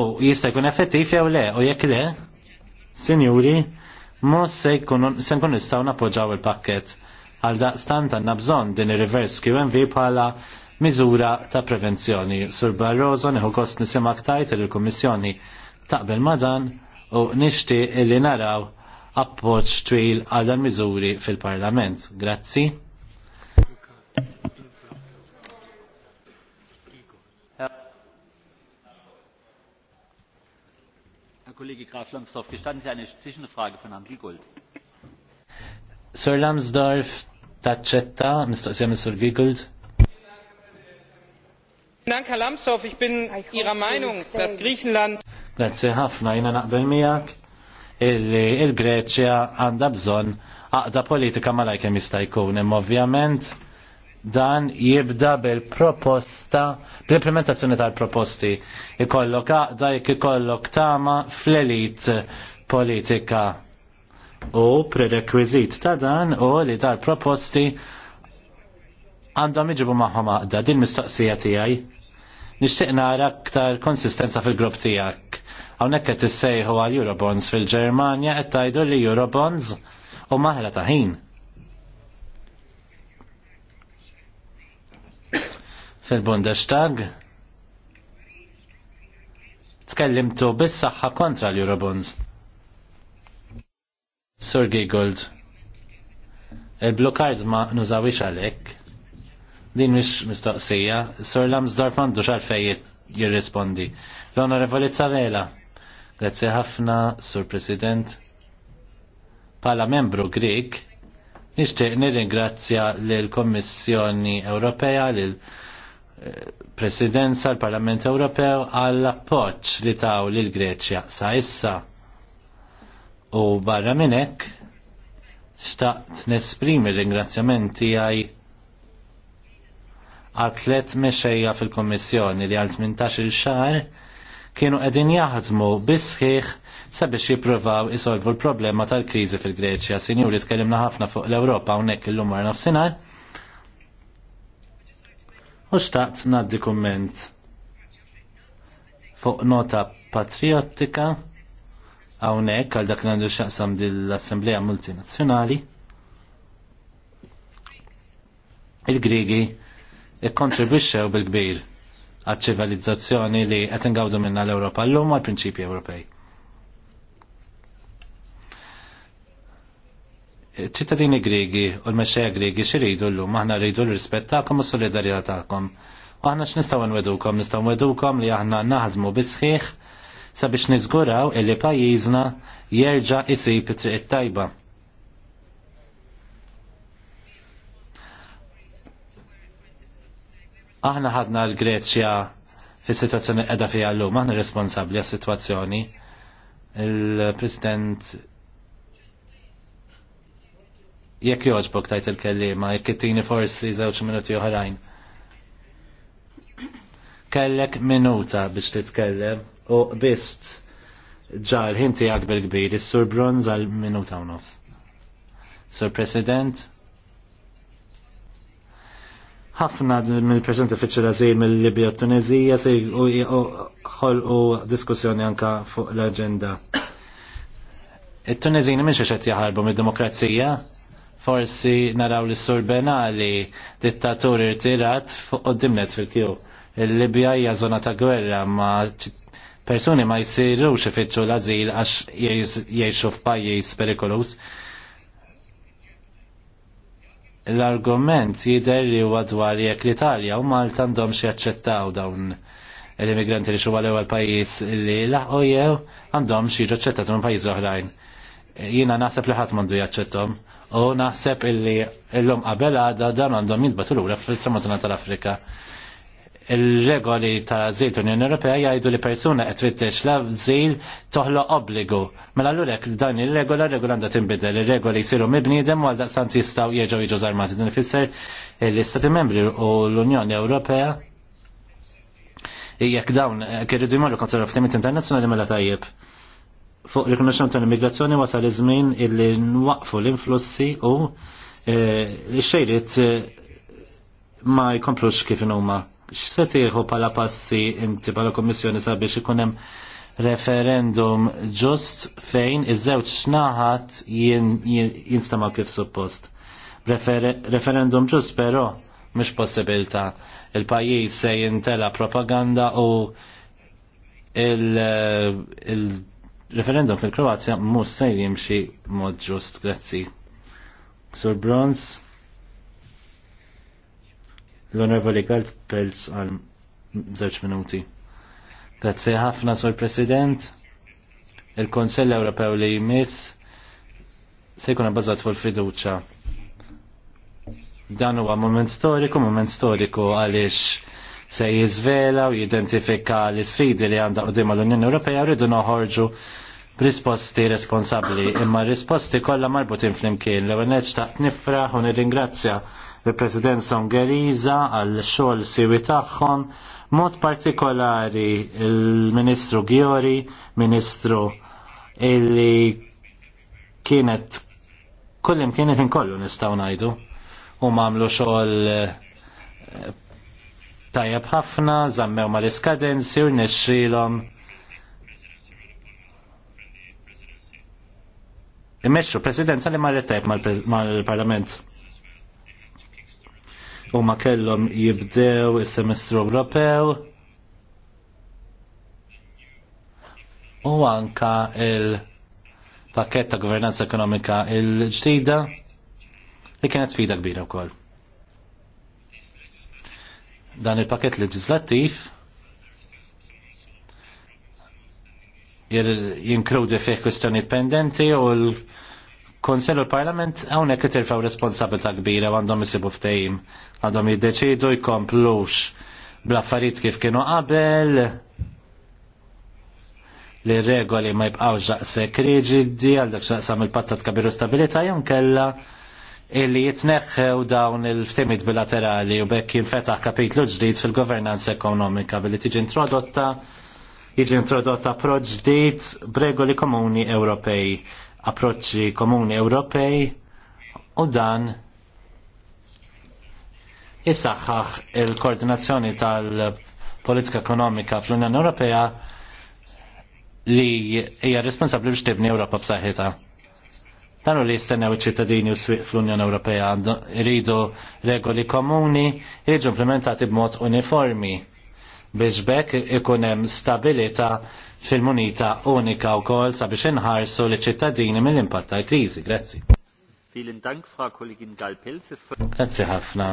u jista' jkun effettiv jew le u jekk le, sinjuri, mos se jkun nistgħu napoġġaw il-pakket għal daqstant għandna bżonn din ir-reverse QMV bħala miżura ta' prevenzjoni. Sur Barroso neħu kost nisema ktajt il-Kummissjoni taqbel ma' dan u nixtieq illi naraw appoġġ twil għal dan miżuri fil-Parlament. Grazzi. Kollege Graf Lambsdorff, gestatten Sie eine Zwischenfrage von Herrn Giegold. Sir Lamsdorf, taċċetta, mistoqsija Mr. Giegold? Dank, Herr Lambsdorff, ich bin Ihrer Meinung, dass Griechenland. Grazie ħafna, jina naqbel miegħek illi il-Greċja għandha bżonn għaqda politika malajk lajkem jista' jkun hemm ovvjament dan jibda bil-proposta, bl-implementazzjoni tal-proposti. Ikollok għaqda jekk ikollok tama fl-elit politika. U prerequisit ta' dan u li tal-proposti għandhom iġibu maħħom għaqda, din mistoqsija tiegħi nixtieq nara aktar konsistenza fil-grupp tiegħek. Hawnhekk qed issejħu għal Eurobonds fil-Ġermanja qed tgħidu li Eurobonds u maħla ta' ħin. Fil-Bundestag tkellimtu bis-saħħa kontra l-Eurobonds. Sur Giggold, il blukard ma nużawix għalek, Din mish mistoqsija, Sir Lamsdorf għandu xalfej jirrispondi. l Revolizza Zavela, grazzi ħafna, Sur President. Pala membru Grek, nishtiq nirringrazzja l-Kommissjoni Ewropea, l-Presidenza, eh, l-Parlament Ewropew għall-appoċ li taw l-Greċja sa' issa. U barra minnek, xtaqt nesprimi l-ringrazzjamenti għaj għatlet mexejja fil kummissjoni li għal 18 xar kienu qegħdin jaħdmu bisħiħ sabiex jippruvaw isolvu l-problema tal-kriżi fil-Greċja. li tkellimna ħafna fuq l-Ewropa hawnhekk illum wara nofsinhar. U xtaqt ngħaddi kumment fuq nota patriottika hawnhekk għal dak nandu x'aqsam dill-Assembleja Multinazzjonali. Il-Grigi ikkontribwixxew bil-kbir għat-ċivilizzazzjoni li qed ingawdu minna l-Ewropa llum għall-prinċipji Ewropej. ċittadini Griegi u l-mexxejja xi xiridu llum aħna rridu l-rispett tagħkom u solidarjetà tagħkom. U aħna x'nistgħu nwedukom, nistgħu nwedukom li aħna naħdmu bisħiħ sabiex niżguraw illi pajjiżna jerġa' isib it-triq it-tajba. Aħna ħadna l-Greċja fis situazzjoni edha fi għallu, maħna aħna responsabli għas situazzjoni. Il-President jekk joġbok tajt il-kellima, jek ittini forsi zewċ minuti oħrajn. Kellek minuta biex titkellem u bist ġar ħinti għakbel kbir, is-sur bronz għal minuta u nofs. Sur President, ħafna mill-preżenti fiċċu l mill-Libja Tunezija se ħolqu diskussjoni anka fuq l-aġenda. It-Tunezini minn qed jaħarbu mid-demokrazija, forsi naraw li sur Benali dittatur irtirat fuq qoddimnet fil-kju. Il-Libja hija zona ta' gwerra ma persuni ma jsirux ifittxu l-azil għax jgħixu f'pajjiż perikolus l-argument jidher li huwa dwar jekk l-Italja u Malta għandhom xi jaċċettaw dawn l-immigranti li xuwa l-ewwel pajjiż li laħqu jew għandhom xi jiġu aċċettati minn pajjiż oħrajn. Jiena naħseb li ħadd m'għandu jaċċettom u naħseb illi llum qabel għadha dan għandhom jintbatu lura fil-tramatuna tal-Afrika il-regoli ta' zil tal-Unjoni Ewropea jgħidu li persuna qed twittex la żil toħloq obbligu. Mela l dan il-regola regola għandha tinbidel, ir-regoli jsiru mibniedem għal daqstant jistgħu jeġgħu jiġu żarmati din ifisser l-Istati Membri u l-Unjoni Ewropea jekk dawn kirridu jmorru kontra l-ftehimiet internazzjonali mela tajjeb. Fuq rikonoxxjoni tal-immigrazzjoni wasal iż-żmien illi nwaqfu l-influssi u eh, l-xejriet eh, ma jkomplux kif huma x'se tieħu bħala passi inti pala Kommissjoni sabiex ikun hemm referendum ġust fejn iż-żewġ naħat jinstama' kif suppost. Refer referendum ġust però mux possibilta. Il-pajjiż se jintela propaganda u il-referendum il fil-Kroazja mhux se jimxi mod ġust, grazzi. Sur Bronze, L-Onorevoli Galt Pels għal żewġ minuti. Grazzi ħafna, Sur President. Il-Konsell Ewropew li jmiss se jkun abbażat fuq il-fiduċa. Dan huwa moment storiku, moment storiku għaliex se jizvela u jidentifika l-sfidi li għandha qudiem l-Unjoni Ewropea rridu noħorġu risposti responsabbli, imma risposti kollha marbutin flimkien. L-ewwel xtaqt nifraħ u nirringrazzja il-Presidenza Ungheriża għal xogħol siwi tagħhom, mod partikolari il-Ministru Giori, Ministru illi kienet kullim kienet kollu nistgħu ngħidu u għamlu xogħol eh, tajab ħafna, zammew ma l-iskadenzi u nixxilom. Immexxu presidenza li marret tajb mal-parlament u ma kellhom jibdew is-semestru Ewropew u anka il-pakket ta' governanza ekonomika il-ġdida li kienet sfida kbira wkoll. Dan il-pakket leġislattiv jinkludi fih kwestjoni pendenti u l- il-Konsell u l-Parlament hawnhekk qed irfgħu responsabilta kbira għandhom jisibu ftehim, għandhom jiddeċidu jkomplux bl-affarijiet kif kienu qabel li regoli ma jibqgħux daqshekk riġidi għal dak x'aqsam il pattat kabiru stabilita jom kella illi jitneħħew dawn il-ftimit bilaterali u bekk jinfetaħ kapitlu ġdid fil-governanza ekonomika billi tiġi introdotta jiġi introdotta proġdiet b'regoli komuni Ewropej approċċi komuni Ewropej u dan jisaxħax il-koordinazzjoni tal-politika ekonomika fl-Unjoni Ewropea li hija responsabbli biex tibni Ewropa b'saħħitha. Dan li jistennew iċ-ċittadini u swieq fl-Unjoni Ewropea iridu regoli komuni, jiġu implementati b'mod uniformi biex bekk ikun hemm stabilità fil-munita unika wkoll sabiex inħarsu li ċittadini mill-impatt tal-kriżi. Grazzi. Vielen Dank, Frau Kollegin Galpils. Grazzi ħafna.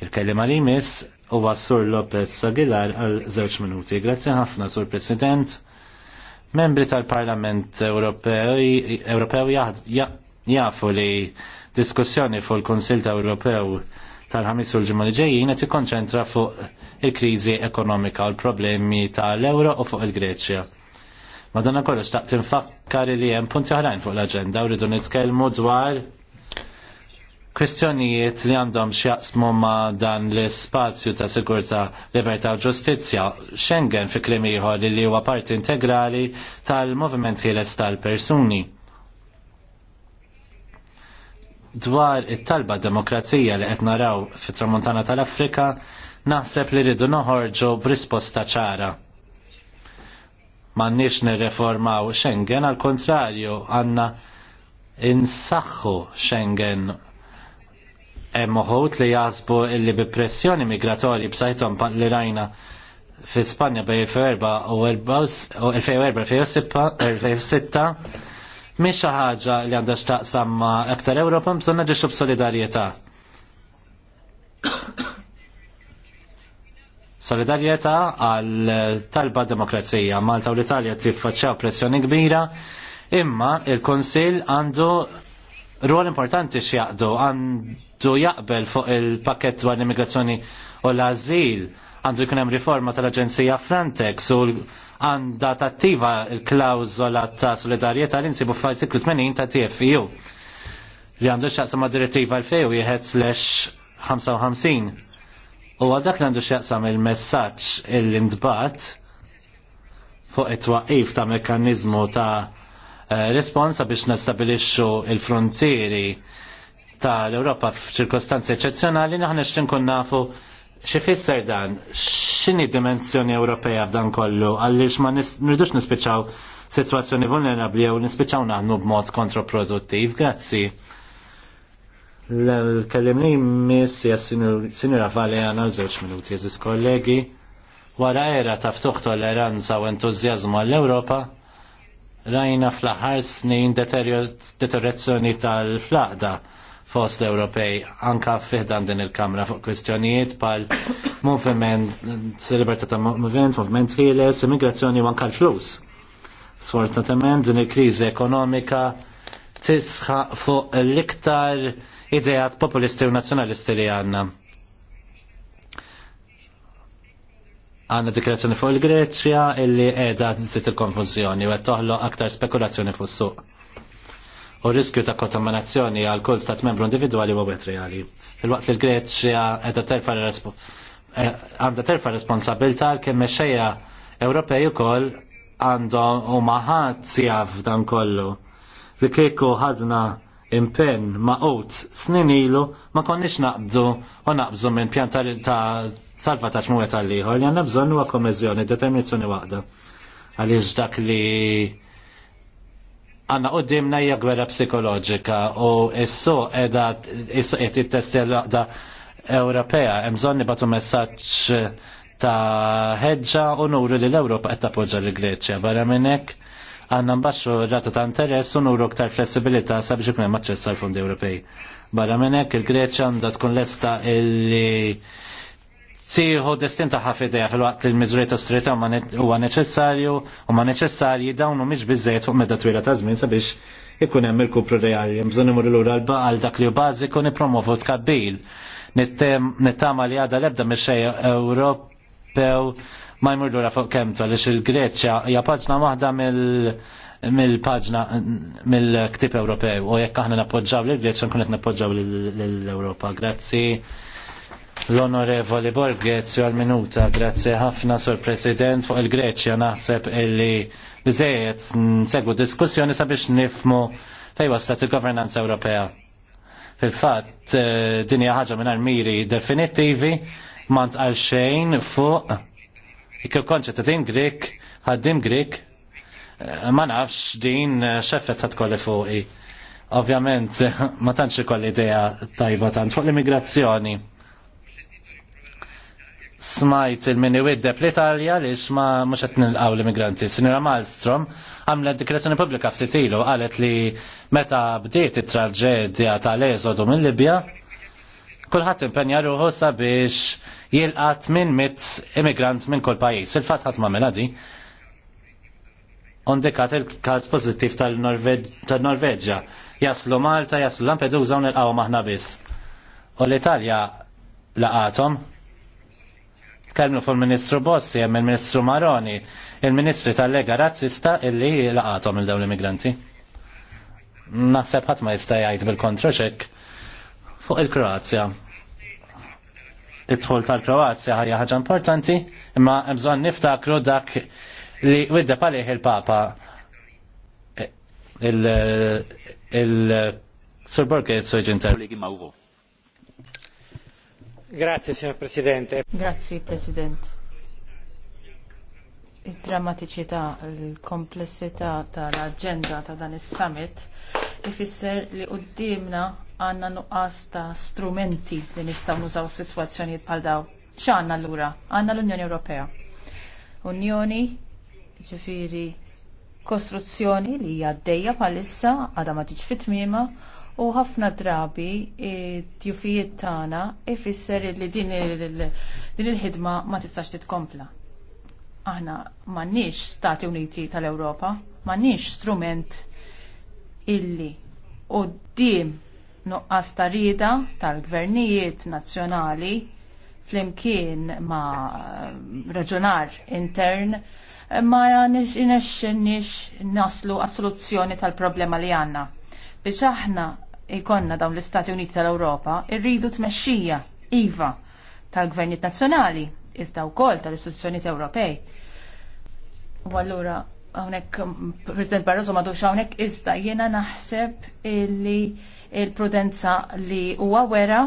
Il-kellima li miss huwa Sur Lopez Sagilar għal żewġ minuti. Grazzi ħafna, Sur President. Membri tal-Parlament Ewropew jafu li diskussjoni fuq il-Konsil ta' Ewropew tal-ħamis u l-ġimma li ġejjin qed ikkonċentra fuq il-kriżi ekonomika u l-problemi tal ewro u fuq il-Greċja. Madonna kollu xtaqt infakkar li hemm punti oħrajn fuq l-aġenda u rridu nitkellmu dwar kwestjonijiet li għandhom xjaqsmu ma dan l-spazju ta' sigurta, libertà u ġustizzja. Schengen fi klim ieħor li huwa parti integrali tal-moviment ħieles tal-persuni dwar it-talba demokrazija li qed naraw fit-tramuntana tal-Afrika naħseb li rridu noħorġu b'risposta ċara. M'għandniex nirreformaw Schengen, al kontrarju għandna insaħħu Schengen hemm uħut li jasbu illi bi pressjoni migratorji b'sajthom li rajna fi Spanja bej 2004 u 2006 mhix xi ħaġa li għandha x'taqsam ma' aktar Ewropa bżonn naġixxu b'solidarjetà. Solidarjetà għal talba demokrazija. Malta u l-Italja tiffaċċjaw pressjoni kbira, imma il-Konsil għandu ruol importanti x'jaqdu għandu jaqbel fuq il-pakket dwar l-immigrazzjoni u l-azil għandu jkun hemm riforma tal-Aġenzija Frontex u l għandha tattiva l klawzola ta' solidarjetà li insibu f'artiklu 80 ta' TFU e li għandu xaqsam ma' direttiva l-few jħed slash 55. U għadak li għandu xaqsam il-messagġ il-indbat fuq it-twaqif ta' mekanizmu ta' eh, responsa biex nastabilixxu il-frontieri ta' l-Europa f'ċirkostanzi eccezzjonali naħna xtin kun nafu Xifisser dan, xini dimensjoni Ewropea f'dan kollu, għallix ma nridux nispiċaw situazzjoni vulnerabli u nispiċaw naħnu b'mod kontraproduttiv, grazzi. l kellimni mis miss sinjura Vali għana l-żewġ minuti, jeżis kollegi, wara era ta' ftuħ tolleranza u entużjażmu għall-Ewropa, rajna fl-ħar snin deteriorazzjoni tal-flaqda fost Ewropej anka fiħdan din il-Kamra fuq kwistjonijiet pal movement, libertà ta' moviment, moviment ħieles, immigrazzjoni u anka l-flus. Sfortunatament din il-kriżi ekonomika tisħaq fuq l-iktar idejat populisti u nazjonalisti li għanna. Għanna dikrazzjoni fuq il-Greċja illi edha tisit il-konfuzjoni u għed toħlo aktar spekulazzjoni fuq suq u riskju ta' kontaminazzjoni għal kull stat membru individwali u għet reali. Il-waqt li l-Greċja għedha terfa eh, għandha terfa responsabilta kemm mexxejja Ewropej ukoll għandhom u maħat jaf dan kollu. Li kieku ħadna impenn ma' qut snin ilu ma konniex naqbdu u naqbżu minn pjan ta' salvataċ muwet għal-liħor, li għanna bżonnu għakomezjoni, determinazzjoni waqda. Għaliex dak li għanna u dimna hija gwerra psikoloġika u issu edha issu qed jittestja da Ewropea hemm bżonn nibatu messaġġ ta' ħeġġa u nuru li l-Ewropa qed tappoġġa l greċja barra minn hekk għandna mbaxxu rata ta' interess u nuru aktar flessibilità sabiex ikun hemm aċċess għall-fondi Ewropej. Barra minn hekk il-Greċja għandha tkun lesta illi tieħu distinta ta' ħafideja fil-waqt li l-miżuri ta' u huwa neċessarju u ma neċessarji dawn miex biżejjed fuq medda twila ta' żmien sabiex ikun hemm il-kupru reali. Bżonn imur lura l-baqal dak li hu bażiku nippromovu tkabbil. Nittama li għadha l-ebda mixej Ewropew ma jmur lura fuq kemta li il-Greċja hija paġna waħda mill paġna mill-ktib Ewropew u jekk aħna nappoġġaw l Greċja nkun qed nappoġġaw lill-Ewropa. Grazzi. L-Onorevoli Borghez għal minuta, grazzi ħafna sur President fuq il-Greċja naħseb illi bżejet nsegwu diskussjoni sabiex nifmu fejn wasat il-governanza Ewropea. Fil-fatt eh, dinja ħaġa minn miri definittivi ma ntqal xejn fuq konċet din Grik, ħaddim grek, eh, ma nafx din xeffet kolli fuqi. Ovvjament, ma tantx ikolli idea tajba tant fuq l-immigrazzjoni smajt il-mini widdeb l-Italja li ma muxet qed għaw l-immigranti. Sinjora Malmstrom għamlet dikrazzjoni pubblika ftit ilu qalet li meta bdiet it-traġedja tal-eżodu minn Libja kulħadd impenja ruħu sabiex jilqat minn mit immigrant minn kull pajjiż. Il-fatt ħadd ma' meladi. Ondekat il-każ pożittiv tal-Norveġġja. Jaslu Malta, jaslu Lampedusa u nilqgħu maħna biss. U l-Italja laqatom tkellmu fuq il-Ministru Bossi, hemm il-Ministru Maroni, il-Ministri tal-Lega Razzista illi laqatom il-dawn l-immigranti. Naħseb ħadd ma jista' jgħid bil-kontra fuq il-Kroazja. Id-dħul tal-Kroazja ħajja ħaġa importanti, imma hemm bżonn niftakru dak li widda palih il-Papa il-Sur il, Borges Soġintar. Grazie, signor Presidente. Grazie, President. Il-drammatiċità, il-komplessità tal-agenda ta' dan is-summit ifisser li quddiemna għandna nuqqas ta' strumenti li nistgħu nużaw f'sitwazzjonijiet bħal daw. X'għandna allura? Għandna l-Unjoni Ewropea. Unjoni, ġifiri, kostruzzjoni li hija għaddejja bħalissa għadha ma tiġ fit-tmiema u ħafna drabi t-tjufijiet e, tagħna ifisser li din il-ħidma ma tistax titkompla. Aħna m'għandniex Stati Uniti tal-Ewropa, m'għandniex strument illi quddiem nuqqas ta' rieda tal-gvernijiet nazzjonali flimkien ma' raġunar intern ma nix naslu għas-soluzzjoni tal-problema li għandna biex aħna ikonna dawn l-Istati Uniti tal-Ewropa irridu tmexxija iva tal-gvernijiet nazzjonali iżda wkoll tal-istituzzjonijiet Ewropej. U allura hawnhekk President Barroso m'għadux hawnhekk iżda jiena naħseb illi il-prudenza li huwa wera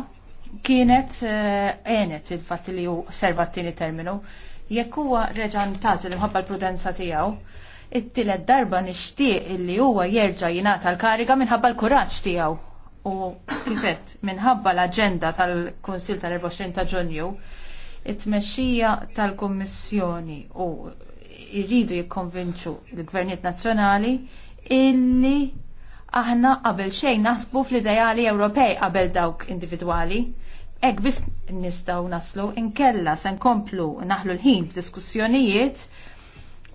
kienet eh, għenet il-fatt li hu serva t-tieni terminu. Jekk huwa reġan tażel imħabba l-prudenza tiegħu, it-tielet darba nixtieq illi huwa jerġa' jingħata l-kariga minħabba l-kuraġġ tiegħu u kifet minħabba l-agenda tal-Kunsil tal-24 ta' ġunju it-tmexxija tal-Kummissjoni u jridu jikkonvinċu l-Gvernijiet Nazzjonali illi aħna qabel xejn naħsbu fl-ideali Ewropej qabel dawk individwali. Ek biss nistaw naslu inkella se nkomplu naħlu l-ħin f'diskussjonijiet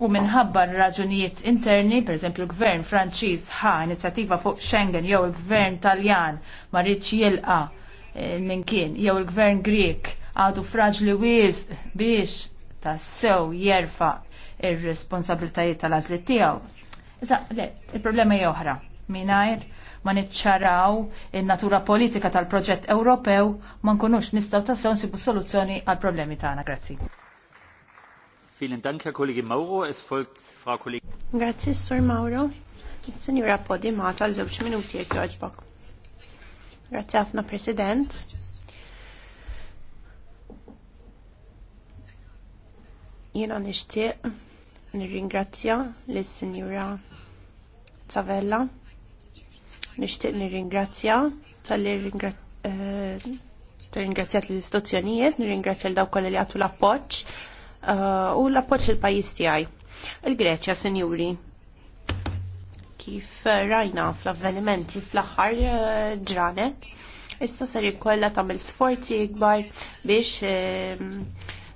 U minħabba raġunijiet interni, per esempio l-gvern Franċiż ħa inizjattiva fuq Schengen jew il-gvern Taljan ma rridx jilqa eh, minn kien jew il-gvern Grek għadu fraġli wies biex tassew jerfa ir-responsabiltajiet tal-għażliet tiegħu. Iżda, le, il-problema hija oħra. Mingħajr ma niċċaraw in-natura politika tal-proġett Ewropew ma nkunux nistgħu tassew nsibu soluzzjoni għall problemi tagħna. Grazzi. Vielen Grazie, Sur Mauro. Signora Podi, ma tal żewġ minuti jekk joġbok. Grazie ħafna, President. Jiena nixtieq nirringrazzja lis sinjura Tavella. Nixtieq nirringrazzja tal-li eh, ringrazzjat l-istituzzjonijiet, nirringrazzja l-dawkoll li għatu l-appoċ u l-appoċ il-pajis tiegħi. Il-Greċja, sinjuri, kif rajna fl-avvenimenti fl-aħħar eh, ġranet, issa ser jikolla tagħmel sforzi ikbar biex eh,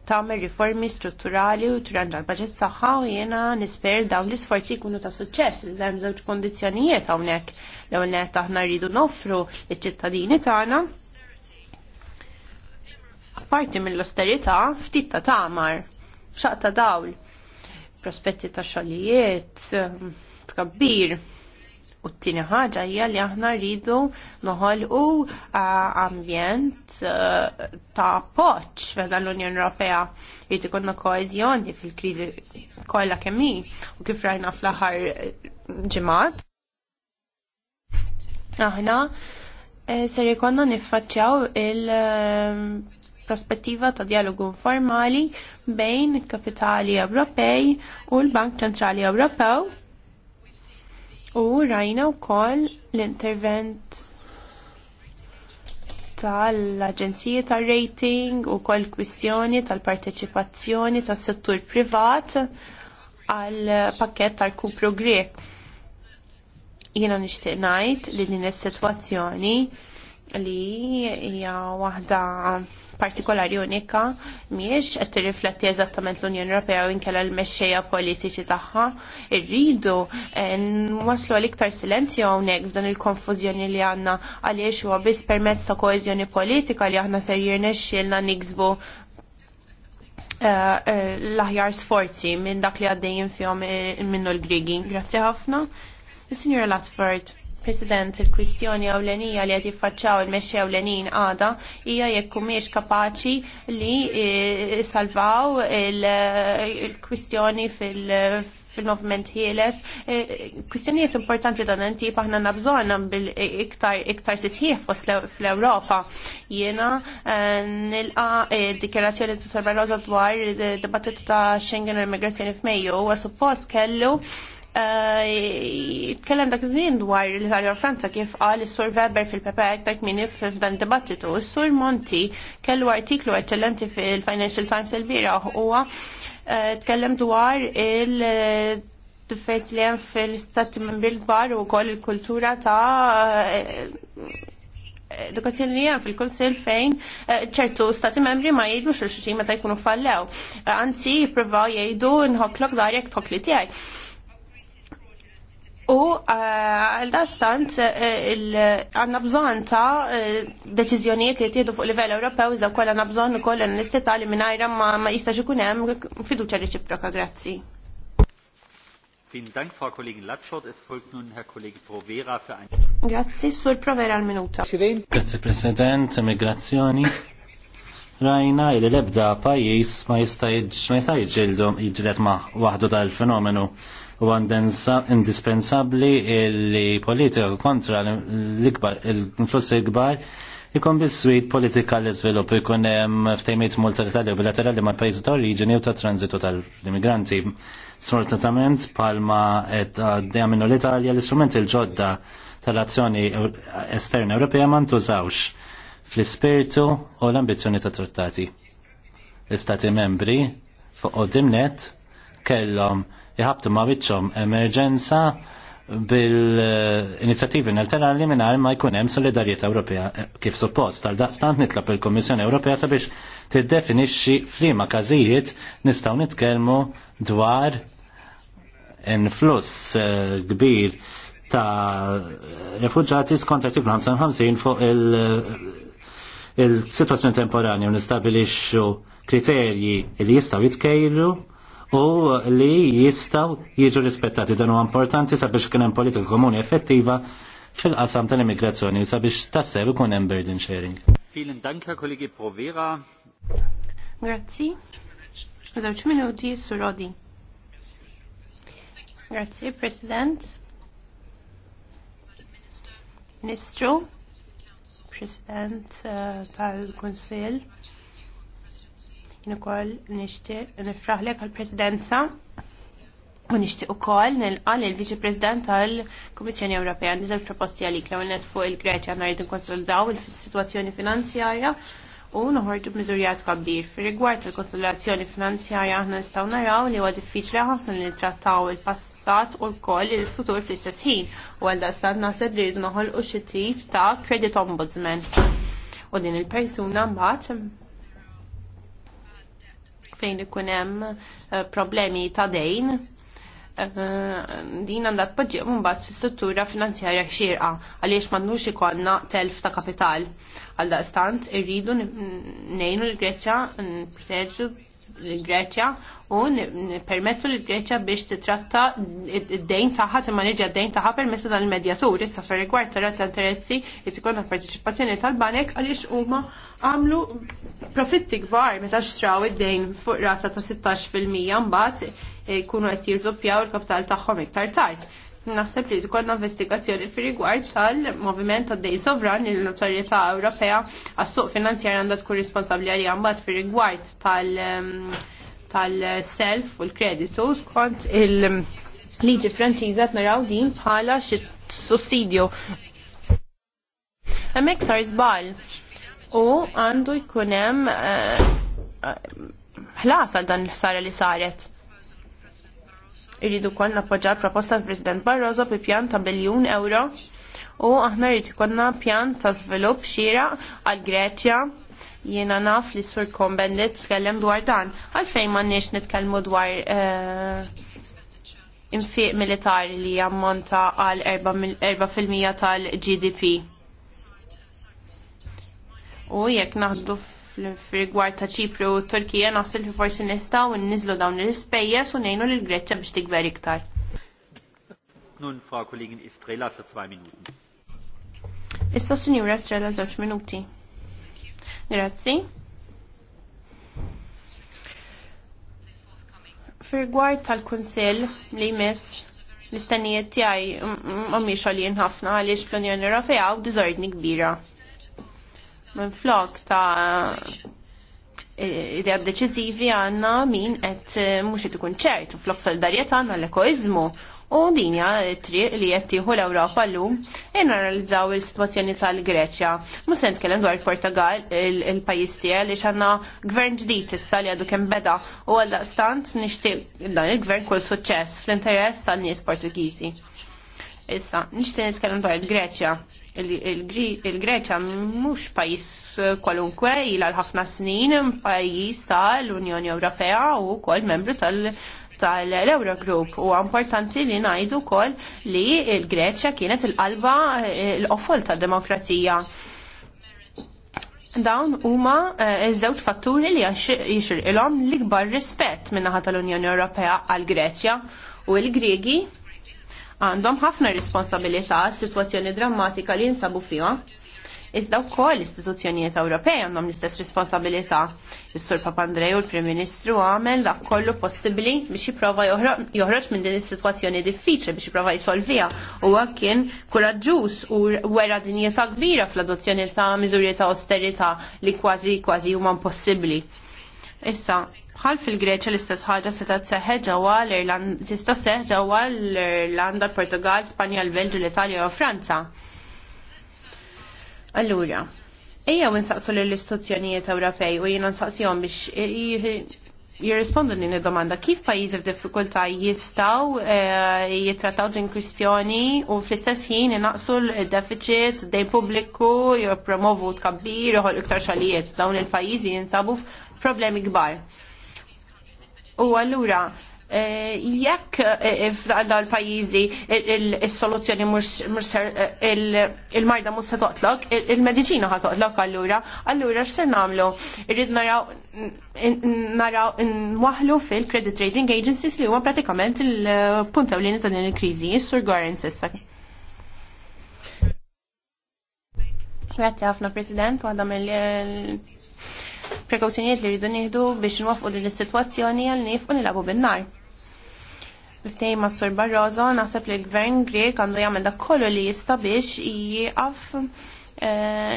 tagħmel riformi strutturali u turanġa l-baġġett tagħha u jiena nisper dawn l-isforzi jkunu ta' suċċess li hemm żewġ kundizzjonijiet hawnhekk l-ewwel nett aħna rridu noffru liċ-ċittadini tagħna apparti mill-austerità ftit ta' tamar xaqta dawl, prospetti ta' xogħlijiet, um, tkabbir. U t-tini ħaġa hija li aħna rridu noħolqu uh, ambjent uh, ta' poċ meta l-Unjoni Ewropea jrid ikunna koeżjoni fil-kriżi kollha kemm hi u kif rajna fl-aħħar uh, ġimgħat. Aħna eh, ser ikonna niffaċċjaw il- um, prospettiva ta' dialogu informali bejn kapitali Ewropej u l-Bank Ċentrali Ewropew u rajna wkoll l-intervent tal-Aġenziji tar-rating u kol kwistjoni tal-parteċipazzjoni tas-settur privat għal pakket tal-kupru Grek. Jiena nixtieq ngħid li din is-sitwazzjoni li hija waħda partikolari unika miex qed tirrifletti eżattament l-Unjoni Ewropea u inkella l-mexxejja politiċi tagħha. Irridu eh, waslu għal iktar silenzju hawnhekk f'dan il-konfużjoni li għandna għaliex huwa biss permezz ta' koeżjoni politika li aħna ser jirnexxielna niksbu eh, eh, l-aħjar sforzi minn dak li għaddejjin fihom minnu l-Grigi. Grazzi ħafna. Signora Latford. President, il-kwistjoni ewlenija li qed jiffaċċaw il-mexxi ewlenin għada hija jekk miex kapaċi li eh, salvaw eh, il-kwistjoni fil- fil-movement ħieles. Eh, kwistjonijiet importanti dan inti paħna nabżonna bil-iktar sisħiħ fl-Europa. Jena nilqa dikjerazzjoni ta' Sarbaroza dwar dibattitu ta' Schengen u immigrazzjoni f'Mejju u suppost kellu jitkellem dak iż-żmien dwar l-Italja u Franza kif qal is-Sur Weber fil-Pepe aktar kmini f'dan dibattitu. Is-Sur Monti kellu artiklu eċċellenti fil-Financial Times il-bieraħ huwa eh, tkellem dwar il- differenzi li hemm fil-istati membri l-kbar u wkoll il-kultura ta' eh, edukazzjoni li hemm fil-Kunsill fejn eh, ċertu stati membri ma jgħidu xulxin meta jkunu fallew. Anzi, jippruvaw jgħidu nħokklok darek tokli tiegħek. U eh, għal dastant eh, għanna bżon ta' eh, deċizjonijiet li tiedu fuq livell Ewropew iżda wkoll għandna bżonn ukoll l-istita li mingħajra ma jistax ikun hemm fiduċja reċiproka. Grazzi. Vielen Dank, Frau Kollegin Latschort. Es folgt nun Herr Kollege Provera für ein... Grazie, Sur Provera al minuta. Grazie, President, Migrazzjoni. Rajna il lebda pajis ma jista' ma jista' jiġġieldu jiġġieled ma' wahdu dal fenomenu u indispensabli li politika kontra l-ikbar, l-influssi ikbar ikon bis-swit politika l izvilup ikun hemm ftejmiet multilaterali u bilaterali mal pajjiż ta' origini u ta' tranzitu tal-immigranti. Sfortunatament palma qed għaddeja minnu l-Italja l-istrumenti l-ġodda tal-azzjoni esterna Ewropea ma ntużawx fl-ispirtu u l-ambizzjoni ta' trattati. L-Istati membri fuq dimnet kellhom jħabtu ma' bitxom emerġenza bil inizjativi nil-terali minnar ma jkun hemm Ewropea eh, kif suppost. Tal-daqstant nitlob il-Kommissjoni Ewropea sabiex tiddefinixxi f'liema każijiet nistgħu nitkellmu dwar influss eh, kbir ta' refugġati skont artiklu 55 fuq il-situazzjoni temporanja u nistabilixxu kriterji li jistgħu jitkejlu u li jistaw jiġu rispettati. Dan huwa importanti sabiex kien hemm politika komuni effettiva fil-qasam tal-immigrazzjoni sabiex tassew ikun hemm burden sharing. Vielen Dank, Herr Kollege Provera. Grazzi. Żewġ minuti surodi. Grazzi, President. Ministru, President eh, tal-Konsil. Nikol nixtieq nifraħlek għall-Presidenza u nixtieq ukoll nilqal il-Viċi President tal-Kummissjoni Ewropea għandi proposti għalik li net fuq il-Greċja nhar inkonsolidaw il-sitwazzjoni finanzjarja u noħorġu b'miżurijat kabbir. Fir-rigward il-konsolidazzjoni finanzjarja aħna nistgħu naraw li huwa diffiċli ħafna li nittrattaw il-passat u l-koll il-futur fl-istess ħin u għal daqstant naħseb li rridu noħolqu xi ta' credit ombudsman u din il-persuna mbagħad fejn ikun hemm problemi ta' dejn din għandha tpoġġi mbagħad fis-struttura finanzjarja xierqa għaliex m'għandux ikollna telf ta' kapital. Għal daqstant irridu ngħinu l-Greċja npreġu l-Greċja u permettu l-Greċja biex titratta id-dejn taħħa timma niġi id dejn taħħa permessa dan il-medjatur issa fer rigward tarat ta' interessi jisikonna parteċipazzjoni tal-banek għaliex huma għamlu profitti kbar meta xtraw id-dejn fuq rata ta' 16% mbagħad jkunu eh, qed jirdoppjaw il-kapital tagħhom iktar tard naħseb li tkollna investigazzjoni fir rigward tal-moviment ta' dej sovran li l-Autorità Ewropea għas-suq finanzjar għandha tkun responsabbli għalija mbagħad fir rigward tal- ehm, self u l-kreditu skont il-liġi franċiża naraw din bħala xi sussidju. Hemmhekk sar żball u għandu jkun hemm eh, ħlas għal dan il ħsara li saret Irridu kwan nappoġġar proposta president Barroso bi pjan ta' biljun euro u aħna rrid ikollna pjan ta' żvilupp xira għal Greċja jiena naf li sur kombendit tkellem dwar dan. Għalfejn m'għandniex nitkellmu dwar eh, infiq militari li jammonta għal 4% tal-GDP. U jekk naħdu fil-gwar ta' ċipru u Turkija nasil li forsi nistgħu nizlu dawn l-ispejjeż u nejnu l-Greċa biex tikber iktar. Nun fra Kollegin Estrela ta' 2 minuti. Issa Sinjura Estrela 2 minuti. Grazzi. Fil-gwar tal-Kunsill li jmiss l-istennijiet tiegħi mhumiex għalien ħafna għaliex fl-Unjoni Ewropea u diżordni kbira minn flok ta' idea deċiżivi għanna min qed eh, mhux qed ikun ċert u flok solidarjetà għanna l-ekoizmu u dinja hija triq li qed tieħu l-Ewropa llum e naralizzaw is-sitwazzjoni tal-Greċja. Mhux se nitkellem dwar il-Portugal il-pajjiż tiegħi li xanna gvern ġdid issa li għadu kemm beda u għal stant nixtieq dan il-gvern kull suċċess fl-interess tan-nies Portugiżi. Issa, nixtieq nitkellem dwar il-Greċja il-Greċa mhux pajjiż kwalunkwe ilha għal ħafna snin pajjiż tal-Unjoni Ewropea u wkoll membru tal- tal-Eurogroup u importanti li ngħidu wkoll li l greċja kienet il-qalba l-offol tad-demokrazija. Dawn huma eh, iż-żewġ fatturi li jixirqilhom l-ikbar rispett min-naħa tal-Unjoni Ewropea għall Greċja u l-Griegi għandhom ħafna responsabilità s-sitwazzjoni drammatika li jinsabu fiha. Iżda wkoll l-istituzzjonijiet Ewropej għandhom l-istess responsabilità. Is-Sur Papandrej u l-Prim Ministru għamel dak kollu possibbli biex jipprova joħroġ minn din is-sitwazzjoni diffiċli biex jipprova jisolvija u kien kuraġġuż u wera dinjeta kbira fl-adozzjoni ta' miżuri ta' austerità li kważi kważi huma impossibbli. Issa, Bħal fil-Greċja l-istess ħaġa se tseħħeġ ġewwa l-Irlanda tista' seħħ ġewwa l-Irlanda, Portugal, Spanja, l-Belġu, l-Italja u Franza. Allura, ejja u nsaqsu l-istituzzjonijiet Ewropej u jiena nsaqsihom biex jirrispondu din id-domanda kif pajjiżi f'diffikultà jistgħu eh, jittrattaw din kwistjoni u fl-istess ħin inaqsu l-deficit dej pubbliku jippromovu tkabbir joħol iktar xalijiet dawn il-pajjiżi jinsabu f'problemi kbar. U allura eh, jekk eh, eh, l pajjiżi il-soluzzjoni il-marda mhux se toqtlok, il-mediċina ħa toqtlok allura, allura x'ser nagħmlu? Irrid naraw naraw nwaħlu fil-credit rating agencies li huwa pratikament il-punta u ta' din il-kriżi, jissur sur Goren Grazie ħafna President, għadha mill prekawzjonijiet li rridu nieħdu biex nwaffqu din is-sitwazzjoni għal nifqu nilagħbu bin-nar. Biftej ma' Sur Barroso naħseb li l-Gvern Grek għandu jagħmel dak kollu li jista' biex jieqaf eh,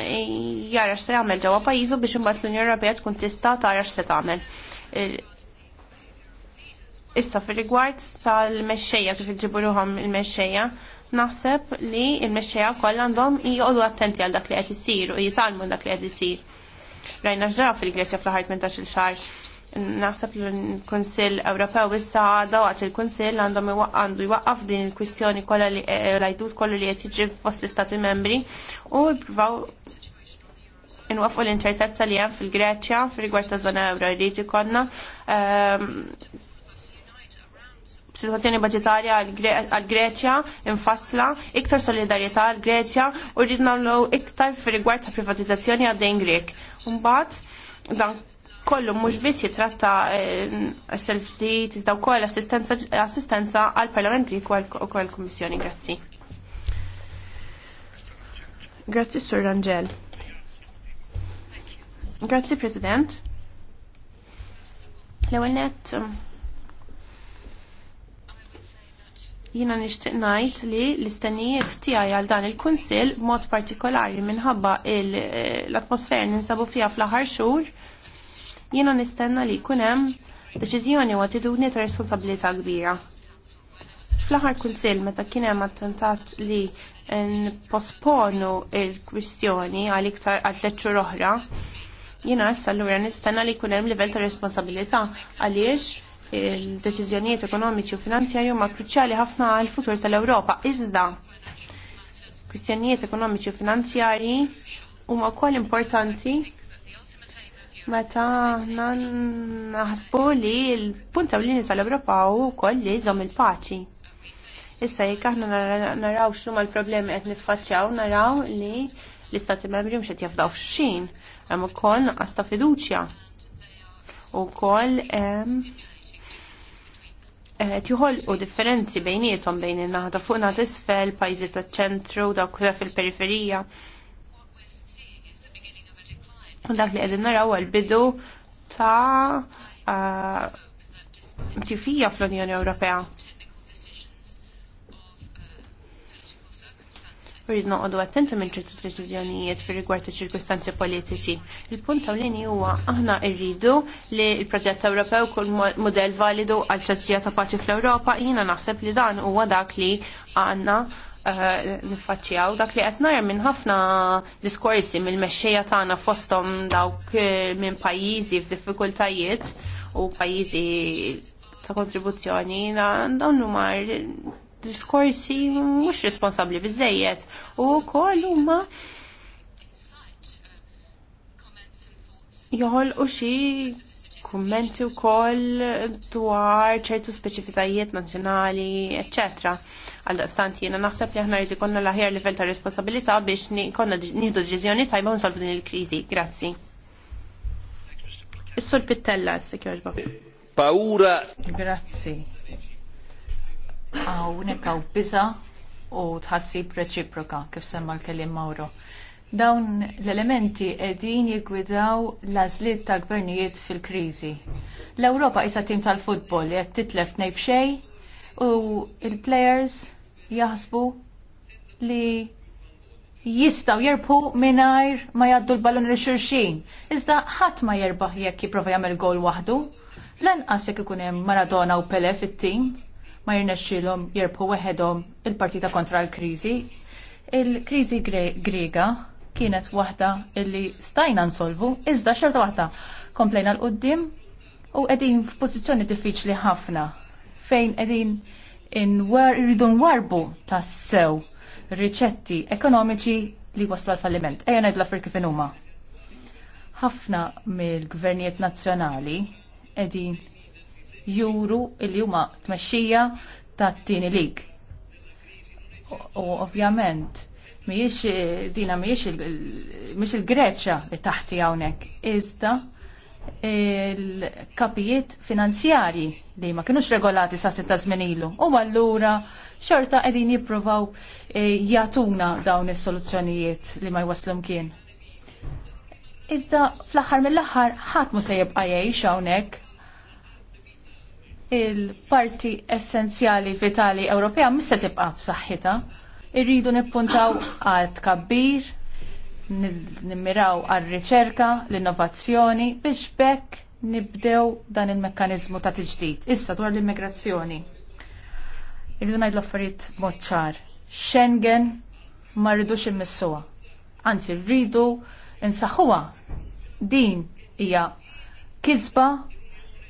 jara x'se jagħmel ġewwa pajjiżu biex imbagħad l-Unjoni Ewropea tkun tista' tara x'se tagħmel. Issa fir-rigward tal-mexxejja kif iġiburuhom il-mexxejja, naħseb li l-mexxejja kollha għandhom jgħodu attenti għal dak li qed isir u jitalmu dak li qed isir. Rajna ġraw fil-Greċja fl-ħar il xar. Naħseb l-Konsil Ewropew issa għadha waqt il-Konsil għandhom għandu jwaqqaf din il-kwistjoni kollha li eh, rajdut kollu li qed jiġri fost l-Istati membri u jippruvaw inwafqu l-inċertezza li hemm fil-Greċja fil-rigward ta' żona euro jrid ikollna ehm, situazzjoni budgetarja għal Greċja infassla, iktar solidarjetà għal Greċja u rrid nagħmlu iktar fir-rigward ta' privatizzazzjoni għad-dejn Grek. Mbagħad dan kollu mhux biss jitratta eh, self ġdid iżda wkoll assistenza għall Parlament Grek u għal Kummissjoni. Grazzi. Grazzi Sur Rangel. Grazzi President. L-ewwel nett Jina nishtiq najt li l-istennijiet tiegħi għal dan il-Kunsill b'mod partikolari minħabba l-atmosfera ninsabu fiha fl-aħħar xhur, jiena nistenna li jkun hemm deċiżjoni u attitudni ta' responsabilità kbira. Fl-aħħar kunsill meta kien hemm attentat li nposponu il-kwistjoni għal iktar għal tliet xhur oħra, jiena issa allura nistenna li jkun hemm livell ta' responsabilità għaliex il-deċiżjonijiet ekonomiċi u finanzjarji huma kruċjali ħafna għal futur tal-Ewropa. Iżda, kwistjonijiet ekonomiċi u finanzjarji huma wkoll importanti meta naħsbu li l-punta u l-lini tal-Ewropa u koll li jizom il-paċi. Issa jek aħna naraw x'nu l-problemi qed niffaċċjaw naraw li l-istati membri mxet qed jafdaw x'xin hemm ukoll għasta ta' fiduċja. Ukoll hemm u differenzi bejnietom bejn il naħda fuq naħda isfel, pajjiżi taċ-ċentru, dawk fil-periferija. U dak li qegħdin naraw għal-bidu ta' tifija fl-Unjoni Ewropea. Rrid noqogħdu attenti minn ċertu deċiżjonijiet fir rigward ċirkustanzi politiċi. Il-punt tal-lini huwa aħna rridu li l-proġett Ewropew kull mudell validu għal strateġija ta' paċi fl-Ewropa, jiena naħseb li dan huwa dak li għandna eh, nifaċċjaw dak li qed nar minn ħafna diskorsi mill-mexxejja tagħna fosthom dawk eh, minn pajjiżi f'diffikultajiet u pajjiżi ta' kontribuzzjoni dawn huma diskorsi mhux responsabbli biżejjed u wkoll huma joħolqu xi kummenti wkoll dwar ċertu speċifitajiet nazzjonali, etc. Għal daqstant jiena naħseb li aħna rridu ikollna l-aħjar livell ta' responsabilità biex konna nieħdu deċiżjoni tajba u nsolvu din il-kriżi. Grazzi. Is-sur Pittella, s-sekjoġba. Paura. Grazzi għaw hawn biza u tħassib reċiproka kif semma l kellim Mawro. Dawn l-elementi qegħdin jiggwidaw l-għażliet ta' gvernijiet fil-kriżi. L-Ewropa isa tim tal-futbol li qed titlef ngħid xejn u il-players jaħsbu li jistaw jirpu mingħajr ma jaddu l-ballon li xurxin. Iżda ħadd ma jerbaħ jekk jipprova jagħmel gol waħdu. Lanqas jekk ikun hemm Maradona u Pele fit-tim ma jirnexxilhom jerbħu weħedhom il-partita kontra l-kriżi. Il-kriżi Griega kienet waħda illi stajna nsolvu, iżda xorta waħda komplejna l-qoddim u qegħdin f'pożizzjoni diffiċli ħafna fejn qegħdin irridu nwarbu tas-sew riċetti ekonomiċi li waslu għal-falliment. Ejja ngħidla fir kif huma. Ħafna mill-gvernijiet nazzjonali qegħdin juru il huma tmexxija tat-tieni lig. U ovvjament mhijiex eh, dina mhijiex il-Greċja li taħti hawnhekk, iżda il-kapijiet finanzjarji li ma kinux regolati sa' sitta ilu. U allura xorta qegħdin jiprovaw eh, jagħtuna dawn is-soluzzjonijiet li ma jwaslum kien. Iżda fl-aħħar mill-aħħar ħadd se jibqa' jgħix hawnhekk il-parti essenzjali vitali Ewropea mhux se tibqa' b'saħħitha. Irridu nippuntaw għal tkabbir, nimmiraw għal riċerka, l-innovazzjoni biex bekk nibdew dan il-mekkanizmu ta' tiġdid. Issa dwar l-immigrazzjoni. Irridu ngħid l-affarijiet moċċar ċar. Schengen ma rridux immissuha. Anzi, rridu insaħħuha. Din hija kisba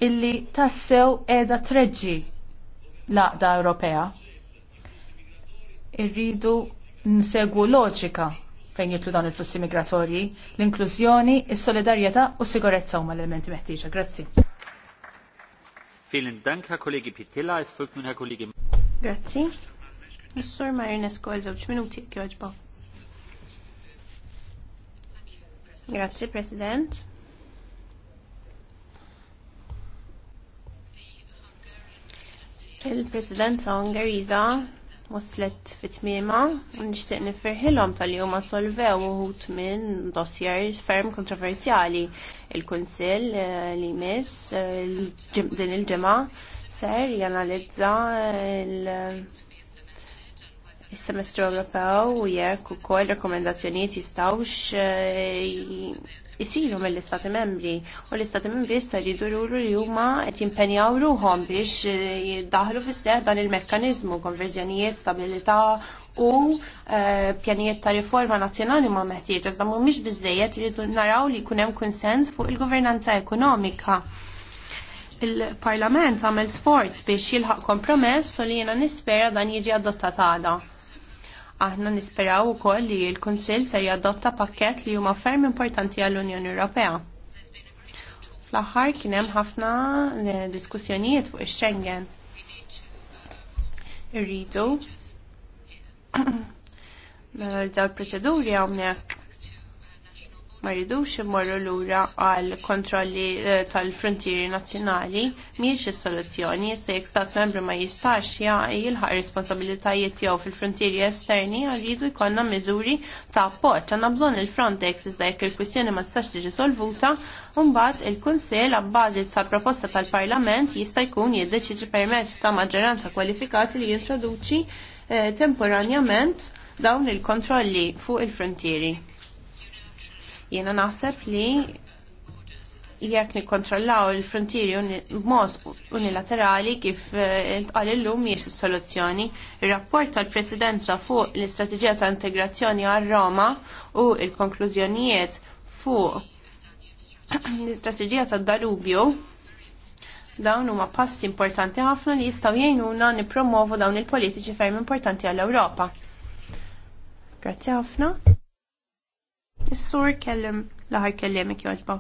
illi tassew edha treġġi l-għaqda Ewropea. Irridu nsegwu loġika fejn jitlu dawn il-flussi migratorji, l-inklużjoni, is-solidarjetà u s-sigurezza huma l-elementi meħtieġa. Grazzi. Vielen Dank, Herr Kollege Pitilla. Es folgt nun Herr Kollege. Grazzi. Is-sur Marinesco għal żewġ minuti jekk jogħġba. Grazzi, President. Il-Presidenza Ungeriża waslet fit-tmiema u nixtieq nifferħilhom tal huma solvew uħut minn dossiers ferm kontroversjali. Il-Kunsill eh, li miss eh, din il-ġimgħa ser janalizza il- il-semestru Ewropew u jekk ukoll rekomendazzjonijiet jistgħux eh, isiru mill-Istati Membri u l-Istati Membri issa jridu juru li huma qed jimpenjaw ruhom biex eh, jiddaħlu fis-seħ dan il-mekkaniżmu konverżjonijiet, stabilità u eh, pjanijiet ta' riforma nazzjonali ma' meħtieġ, iżda mhumiex biżejjed jridu naraw li jkun hemm kunsens fuq il-governanza ekonomika. Il-Parlament għamel sforz biex jilħaq kompromess u li jiena nispera dan jiġi adottat għada. Aħna nisperaw ukoll li l-Kunsill se jadotta pakkett li huma ferm importanti għall-Unjoni Ewropea. Fl-aħħar kien hemm ħafna eh, diskussjonijiet fuq ix-Schengen. Irridu il proċeduri hawnhekk ma rridux imorru lura għal kontrolli eh, tal-frontieri nazzjonali mhijiex is-soluzzjoni se jekk stat membru ma jistax jilħaq responsabilitajiet tiegħu fil-frontieri esterni jridu jkollna miżuri ta' appoġġ għandna bżonn il-Frontex iżda jekk il-kwistjoni ma tistax tiġi solvuta mbagħad il-Kunsell abbażi tal-proposta tal-Parlament jista' jkun jiddeċiġi permezz ta' maġġoranza kwalifikati li jintroduċi eh, temporanjament dawn il-kontrolli fuq il-frontieri. Jiena naħseb li jekk nikkontrollaw il-frontieri b'mod unilaterali kif eh, tqal illum mhijiex is-soluzzjoni. Ir-rapport tal-Presidenza fuq l-Istrateġija ta' Integrazzjoni għal Roma u l-konklużjonijiet fuq l-Istrateġija ta' Darubju dawn huma passi importanti ħafna li jistgħu jgħinuna nippromovu dawn il-politiċi ferm importanti għall-Ewropa. Grazzi ħafna. Is-sur kellem l-aħar kellemek joġba.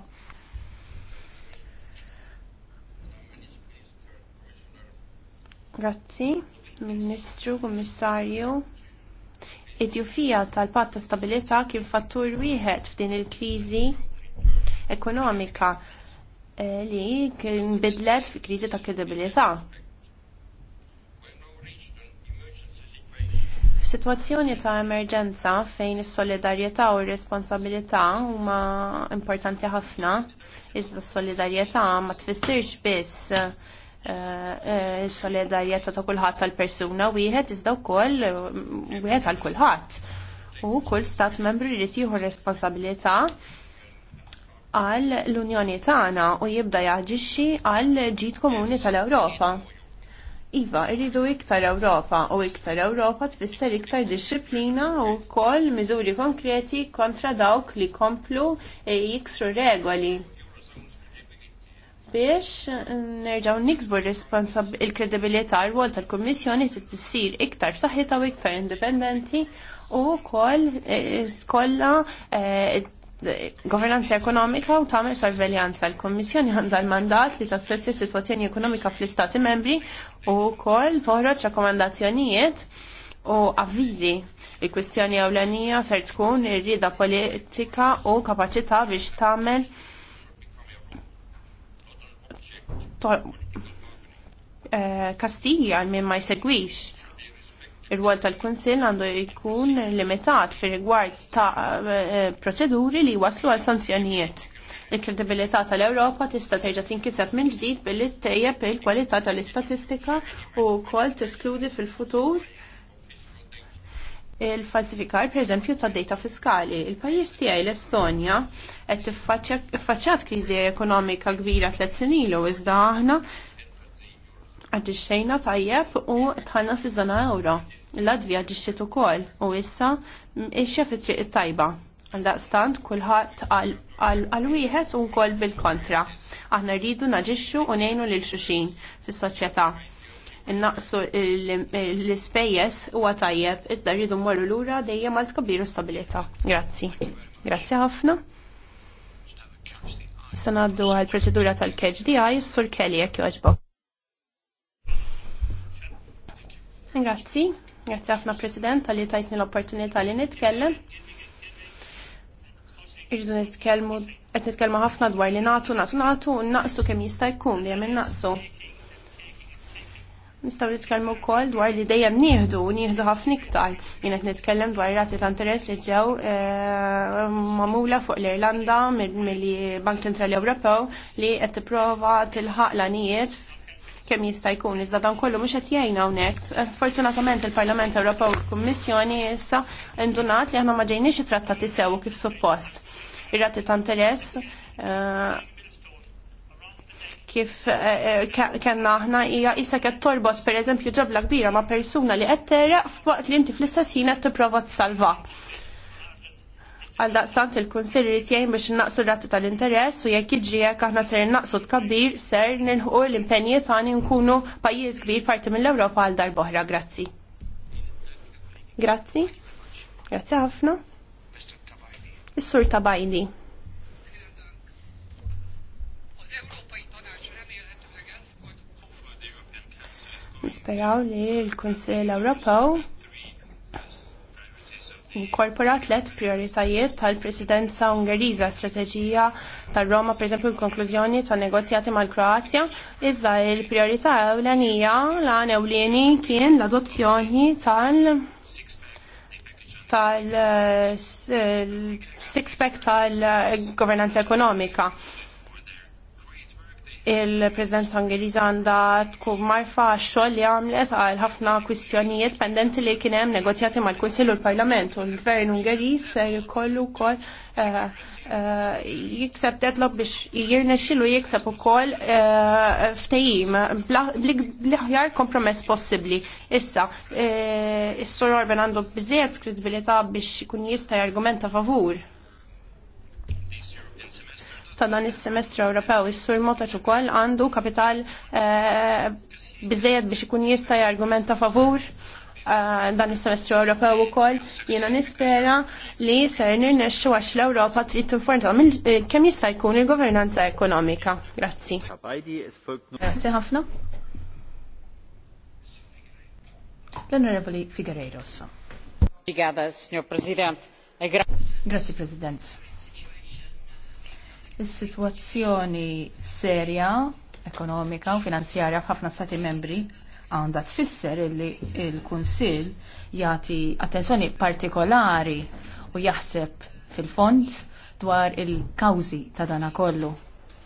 Grazzi, Ministru, Kummissarju. Id-jufija tal-patta stabilita kien fattur wieħed f'din il-kriżi ekonomika eh, li kien bidlet fi kriżi ta' kredibilità F'sitwazzjoni ta' emerġenza fejn is-solidarjetà u r-responsabilità huma importanti ħafna, iżda s-solidarjetà ma tfissirx biss is-solidarjetà eh, eh, ta' kulħadd tal-persuna wieħed iżda wkoll eh, wieħed għal kulħadd. U kull stat membru jrid jieħu responsabilità għal l-Unjoni tagħna u jibda jaġixxi għal ġid komuni tal-Ewropa. Iva, irridu iktar Ewropa u iktar Ewropa tfisser iktar disciplina u kol miżuri konkreti kontra dawk li komplu e jiksru regoli. Biex mm, nerġaw niksbu il-kredibilità r-wol tal-Kommissjoni tissir iktar saħħita u iktar indipendenti u kol e, kolla e, governanza ekonomika u tagħmel sorveljanza. L-Kommissjoni għandha l-mandat li tassessi situazzjoni ekonomika fl-Istati membri u wkoll toħroġ rakkomandazzjonijiet u avvizi il-kwistjoni ewlenija ser tkun ir-rieda politika u kapaċità biex tagħmel eh, kastija għal minn ma jsegwix Ir-rwol tal-Kunsill għandu jkun limitat fir rigward ta' eh, eh, proċeduri li waslu għal sanzjonijiet. Il-kredibilità tal-Ewropa tista' terġa' tinkiseb minn ġdid billi tejjeb il-kwalità tal-istatistika u wkoll teskludi fil-futur il-falsifikar pereżempju ta' data fiskali. Il-pajjiż tiegħi l-Estonja qed iffaċċat kriżi ekonomika kbira tliet sinilu iżda aħna għaddixxejna tajjeb u tħallna fiż-żona ewro l-Latvija ġixxiet ukoll u issa ixja it triq it-tajba. Għaldaqstant kulħadd għal wieħed u wkoll bil-kontra. Aħna rridu naġixxu u ngħinu lil xuxin fis-soċjetà. Innaqsu l-ispejjeż huwa tajjeb iżda rridu l lura dejjem mal tkabbiru stabilita. Grazzi. Grazzi ħafna. Sanaddu għal proċedura tal-KHDI, s-sur Kelly jekk joġbok. Grazzi. Grazie ħafna President tal-li tajtni l-opportunità li nitkellem. Iġdu nitkellmu qed nitkellmu ħafna dwar li nagħtu nagħtu nagħtu u naqsu kemm jista' jkun li hemm innaqsu. Nistgħu nitkellmu wkoll dwar li dejjem nieħdu u nieħdu ħafna iktar. Jien qed nitkellem dwar rati ta' interess li ġew eh, magħmula fuq l-Irlanda mill-Bank Ċentrali Ewropew li qed tipprova tilħaq l-anijiet kemm jista' jkun iżda dan kollu mhux qed jgħin hawnhekk. Fortunatament il-Parlament Ewropew u l-Kummissjoni issa ndunat li aħna ma ġejniex trattati sew kif suppost. Ir-rati ta' interess eh, kif eh, eh, kellna aħna hija issa qed torbos pereżempju ġabla kbira ma' persuna li qed terraq f'waqt li inti fl-istess ħin qed tipprova tsalva għal daqsant il-Kunsill irid jgħin biex innaqsu rati tal-interess u jekk jiġri jekk aħna ser naqsu tkabbir ser nilħu l-impenji tagħni nkunu pajjiż kbir parti mill-Ewropa għal darb'oħra. Grazzi. Grazzi. Grazzi ħafna. Is-sur Tabajdi. Nisperaw li l konsil Ewropew inkorporat let prioritajiet tal-presidenza Ungeriża strateġija tal-Roma pereżempju l-konklużjoni ta' negozjati mal kroazja iżda il-priorità ewlenija lan ewlieni kien l-adozzjoni tal- tal-six-pack eh, tal-governanza eh, ekonomika il-President Angeliza għanda tkun marfa xoll li għamlet għal ħafna kwistjonijiet pendenti li kienem negozjati mal kunsil u l-Parlament u l-Gvern Ungeriz ser kollu kol eh, eh, jikseb deadlock biex jirne xilu jikseb u kol eh, ftejim bl kompromess possibli. Issa, s sur Orban għandu bżiet kredibilita biex kun jista' jargumenta favur ta' dan is-semestru Ewropew is-sur Motoċ ukoll għandu kapital eh, biżejjed biex ikun jista' jargumenta favur eh, dan is-semestru Ewropew ukoll jiena nispera li ser nirnexxu għax l-Ewropa trid tinforma eh, kemm jista' jkun il-governanza ekonomika. Grazzi. Grazzi ħafna. L-Onorevoli Figueiredo. E Grazie, President. Is-sitwazzjoni serja, ekonomika u finanzjarja f'ħafna stati membri għandha tfisser li l-Kunsill jagħti attenzjoni partikolari u jaħseb fil-fond dwar il-kawżi ta' dana kollu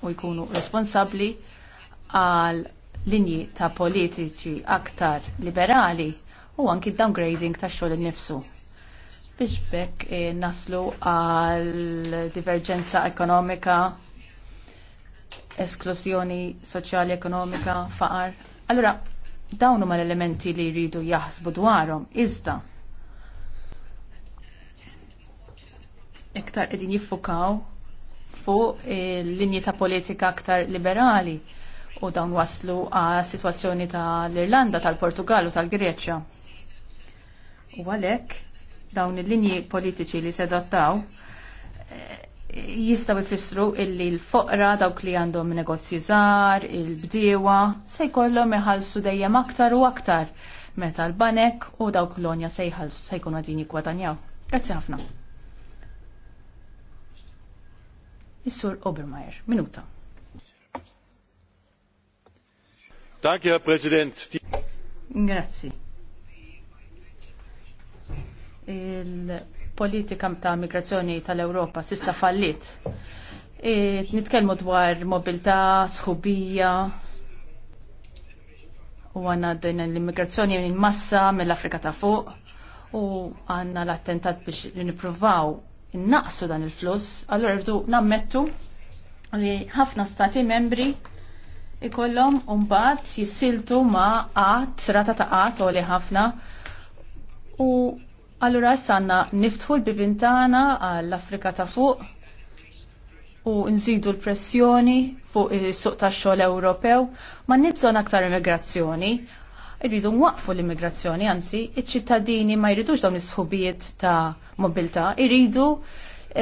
u jkunu responsabbli għal linji ta' politiċi aktar liberali u anki downgrading ta' xogħol nifsu biex bekk eh, naslu għal diverġenza ekonomika, esklużjoni soċjali ekonomika, faqar. Allora, dawn huma l-elementi li jridu jaħsbu dwarhom iżda iktar qegħdin jiffukaw fuq eh, linji ta' politika aktar liberali u dawn waslu għal sitwazzjoni tal-Irlanda, tal-Portugal u tal-Greċja. U għalhekk dawn il-linji politiċi li sedottaw eh, jistaw ifissru illi l-foqra dawk li għandhom negozji żgħar, il-bdiewa, se jkollhom iħallsu dejjem aktar u aktar meta l-banek u dawk l-onja se jħallsu se jkunu għadin jikkwadanjaw. Grazzi ħafna. Is-Sur Obermeier, minuta. Danke, Herr Präsident. Grazie il-politika ta' migrazzjoni tal-Ewropa sissa fallit. E, Nitkellmu dwar mobilità, sħubija, u għanna din l-immigrazzjoni massa mill-Afrika ta' fuq u għanna l-attentat biex nipruvaw naqsu dan il-fluss, allora rridu nammettu li ħafna stati membri ikollhom umbat jissiltu ma' qatt, rata ta' għat u li ħafna u Allura sanna niftħu l bibintana għall-Afrika ta' fuq u nżidu l-pressjoni fuq is-suq tax-xogħol Ewropew ma nibżon aktar immigrazzjoni. Irridu nwaqfu l-immigrazzjoni, anzi, iċ-ċittadini ma jridux dawn is-sħubijiet ta' mobilità, irridu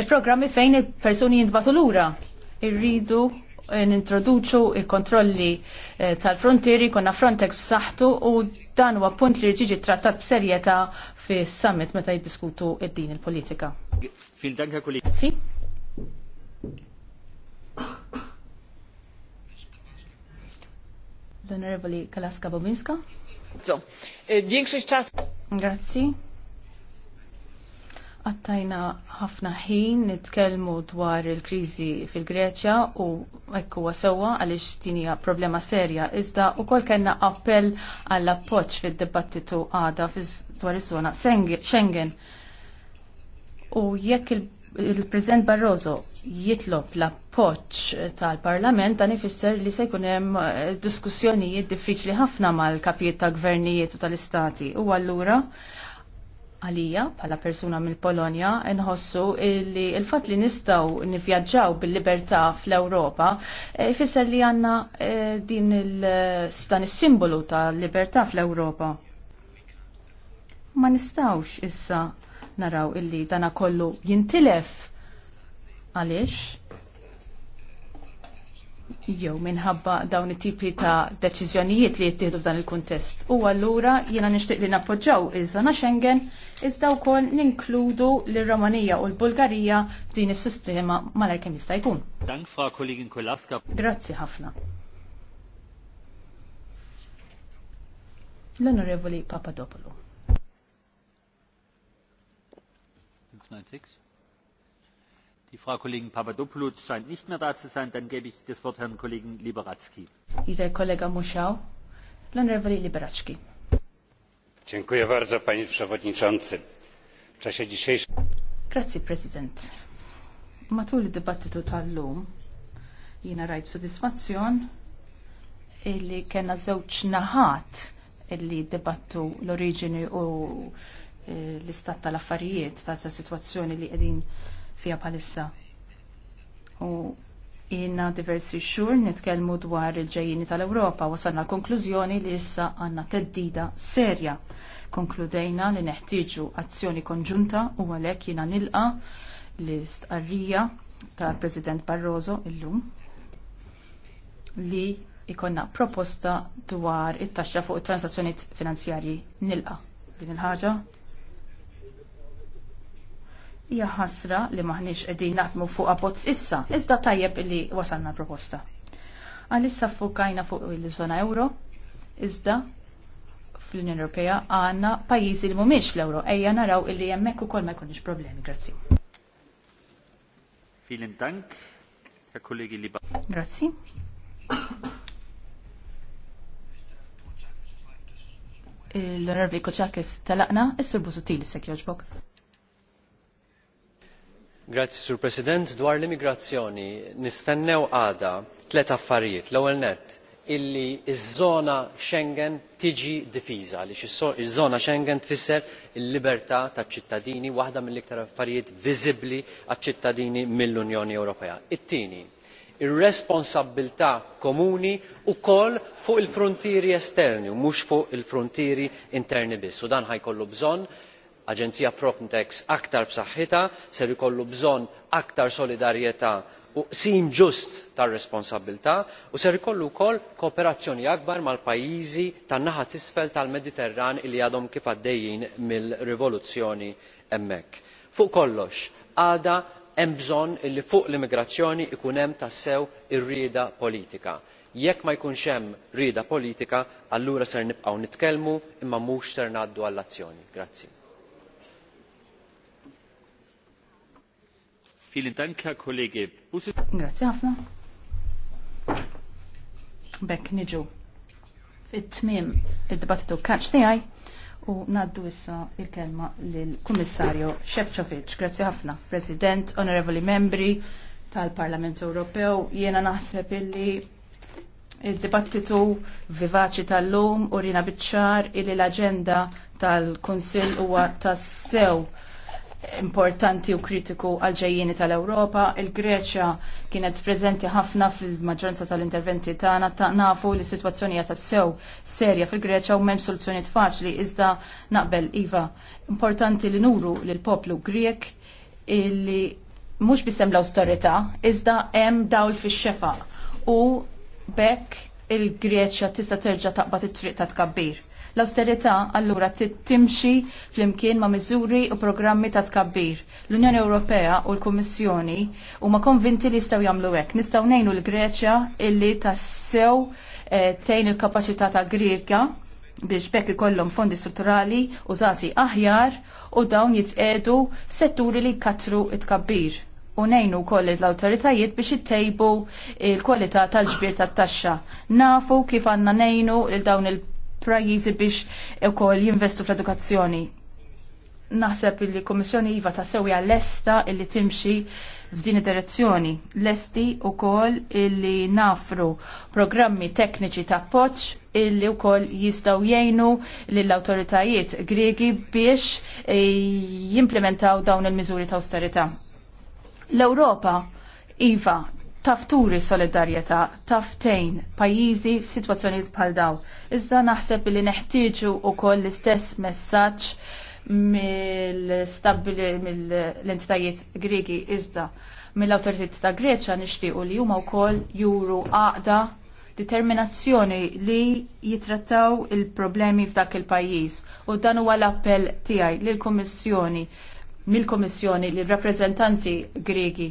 programmi fejn il-persuni l lura. Irridu nintroduċu il-kontrolli eh, tal-frontieri konna Frontex saħtu u dan huwa punt li rġiġi trattat b'serjetà fis-summit meta jiddiskutu id-din il-politika. Fil danka L-Onorevoli Kalaska Bobinska. Eh, Għattajna ħafna ħin nitkellmu dwar il-kriżi fil-Greċja u hekk huwa sewwa għaliex din hija problema serja iżda wkoll kellna appell għall appoġġ fid-dibattitu għada dwar iż-żona Schengen. U jekk il-President Barroso jitlob l-appoġġ tal-Parlament dan ifisser li se jkun hemm eh, diskussjonijiet diffiċli ħafna mal-kapijiet ta' gvernijiet u tal-istati u allura għalija bħala persuna mill-Polonja nħossu li il-fat li nistaw nivjaġġaw bil-libertà fl-Ewropa eh, ifisser li għanna eh, din il-stan simbolu ta' libertà fl-Ewropa. Ma nistawx issa naraw illi dana kollu jintilef għaliex jew minħabba dawn it-tipi ta' deċiżjonijiet li jittieħdu f'dan il-kuntest. U allura jiena nixtieq li nappoġġaw iż-żona Schengen iżda wkoll ninkludu lir romanija u l-Bulgarija f'din is-sistema malajr kemm jista' jkun. Dank fra kollegin Kolaska. Grazzi ħafna. L-Onorevoli Papadopoulou. 596. Die Frau Kollegin papadopoulou scheint nicht mehr da zu sein. Dann gebe ich das Wort Herrn Kollegen Liberacki. Ihr Kollege Muschau, l'onorevole Liberacki. Dziękuję bardzo, panie przewodniczący. W czasie dzisiejszej Grazie, prezydent. Matul id-dibattitu tal-lum, jina rajt sodisfazzjon illi kena zewċ naħat illi dibattu l-origini u eh, l-istat tal-affarijiet tal-situazzjoni li qegħdin fija palissa. U jina diversi xur nitkelmu dwar il-ġejjini tal-Ewropa wasalna konklużjoni li issa għanna teddida serja. Konkludejna li neħtieġu azzjoni konġunta u għalek jina nilqa l-istqarrija tal-President Barroso illum li ikonna proposta dwar it-taxxa fuq it transazzjoni finanzjarji nilqa' din il-ħaġa hija ħasra li maħniex qegħdin naħdmu fuq abbozz issa, iżda tajjeb li wasalna proposta. Għalissa fukajna fuq il-żona euro, iżda fl-Unjoni Ewropea għandna pajjiżi li mhumiex l-euro, ejja naraw illi hemmhekk ukoll ma jkunx problemi, grazzi. Vielen Dank, Herr Kollege Liba. Grazzi. L-Onorevoli Koċakis talaqna, is-Sur Busuttil, sekk joġbok. Grazzi, Sur President. Dwar l-immigrazzjoni, nistennew għada tlet affarijiet. L-ewwel nett illi iż-żona Schengen tiġi difiża għaliex iż-żona Schengen tfisser il-libertà taċ-ċittadini waħda mill-iktar affarijiet viżibbli għaċ-ċittadini mill-Unjoni Ewropea. It-tieni, ir-responsabbiltà komuni wkoll fuq il-frontieri esterni u mhux fuq il-frontieri interni biss. U dan ħajkollu bżonn aġenzija frontex aktar b'saħħitha ser ikollu bżonn aktar solidarjetà u qsim ġust tar-responsabbiltà u ser ikollu wkoll kooperazzjoni akbar mal-pajjiżi tan-naħa t'isfel tal-mediterran li għadhom kif għaddejjin mir-rivoluzzjoni hemmhekk. fuq kollox għada hemm bżonn li fuq l-immigrazzjoni ikun hemm tassew ir-rieda politika. jekk ma jkunx hemm rieda politika allura ser nibqgħu nitkellmu imma mhux ser ngħaddu għall-azzjoni. grazzi. Vielen Grazie ħafna. Bekk niġu fit-tmim id-dibattitu kanċ tiegħi u ngħaddu issa il-kelma lill-Kummissarju Šefčovic. Grazzi ħafna, President, Onorevoli Membri tal-Parlament Ewropew. Jiena naħseb illi il-dibattitu vivaċi tal-lum u rina bitċar illi l aġenda tal kunsill huwa tassew sew importanti u kritiku għal-ġejjini tal-Ewropa. Il-Greċja kienet prezenti ħafna fil-maġġoranza tal-interventi tagħna ta' nafu li s-sitwazzjoni ta' sew serja fil-Greċja u m'hemm soluzzjonijiet faċli iżda naqbel iva. Importanti li nuru lil poplu Grek illi mhux bisem l-awtorità iżda hemm dawl fix-xefa u bekk il-Greċja tista' terġa' taqbad it-triq ta' tkabbir L-austerità allura timxi flimkien ma' miżuri u programmi ta' tkabbir. L-Unjoni Ewropea u l-Kummissjoni huma konvinti li jistgħu jagħmlu hekk. Nistgħu ngħinu l-Greċja illi tassew eh, tejn il-kapaċità ta' Griega biex bekk ikollhom fondi strutturali użati aħjar u dawn jitqedu setturi li katru it-kabbir u nejnu koll l-autoritajiet biex jittejbu il-kwalità tal-ġbir tat-taxxa. Nafu kif għanna nejnu il-dawn il prajizi biex ukoll jinvestu fl-edukazzjoni. Naħseb li l-Kummissjoni iva ta' sewja lesta illi timxi f'din id-direzzjoni. Lesti wkoll illi nafru programmi tekniċi ta' appoġġ illi wkoll jistgħu jgħinu lill awtoritajiet Griegi biex eh, jimplementaw dawn il miżuri ta' austerita. L-Ewropa Iva, tafturi solidarjetà taftejn pajjiżi f'sitwazzjonijiet bħal dawn. Iżda naħseb li neħtieġu wkoll l-istess messaġġ mill-entitajiet Griegi iżda mill-awtoritajiet ta' Greċa nixtiequ li huma wkoll juru għaqda determinazzjoni li jitrattaw il-problemi f'dak il-pajjiż u dan huwa l-appell tiegħi lill-Kummissjoni mill-Kummissjoni li rappreżentanti Griegi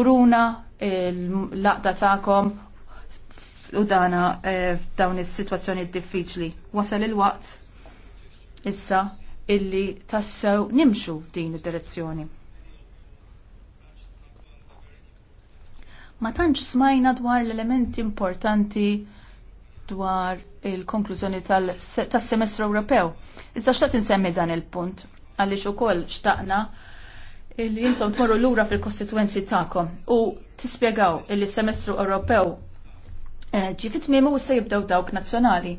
uruna l-laqda ta'kom u dana eh, f'dawn is-sitwazzjoni diffiċli. Wasal il-waqt issa illi tassew nimxu f'din id-direzzjoni. Ma tantx smajna dwar l-elementi importanti dwar il-konklużjoni tas-semestru Ewropew. Iżda xtaqt insemmi dan il-punt għaliex ukoll xtaqna illi jintom tmorru l-ura fil-kostituenzi ta'kom u tispiegaw illi semestru Ewropew eh, ġifit mimu se jibdew dawk nazzjonali.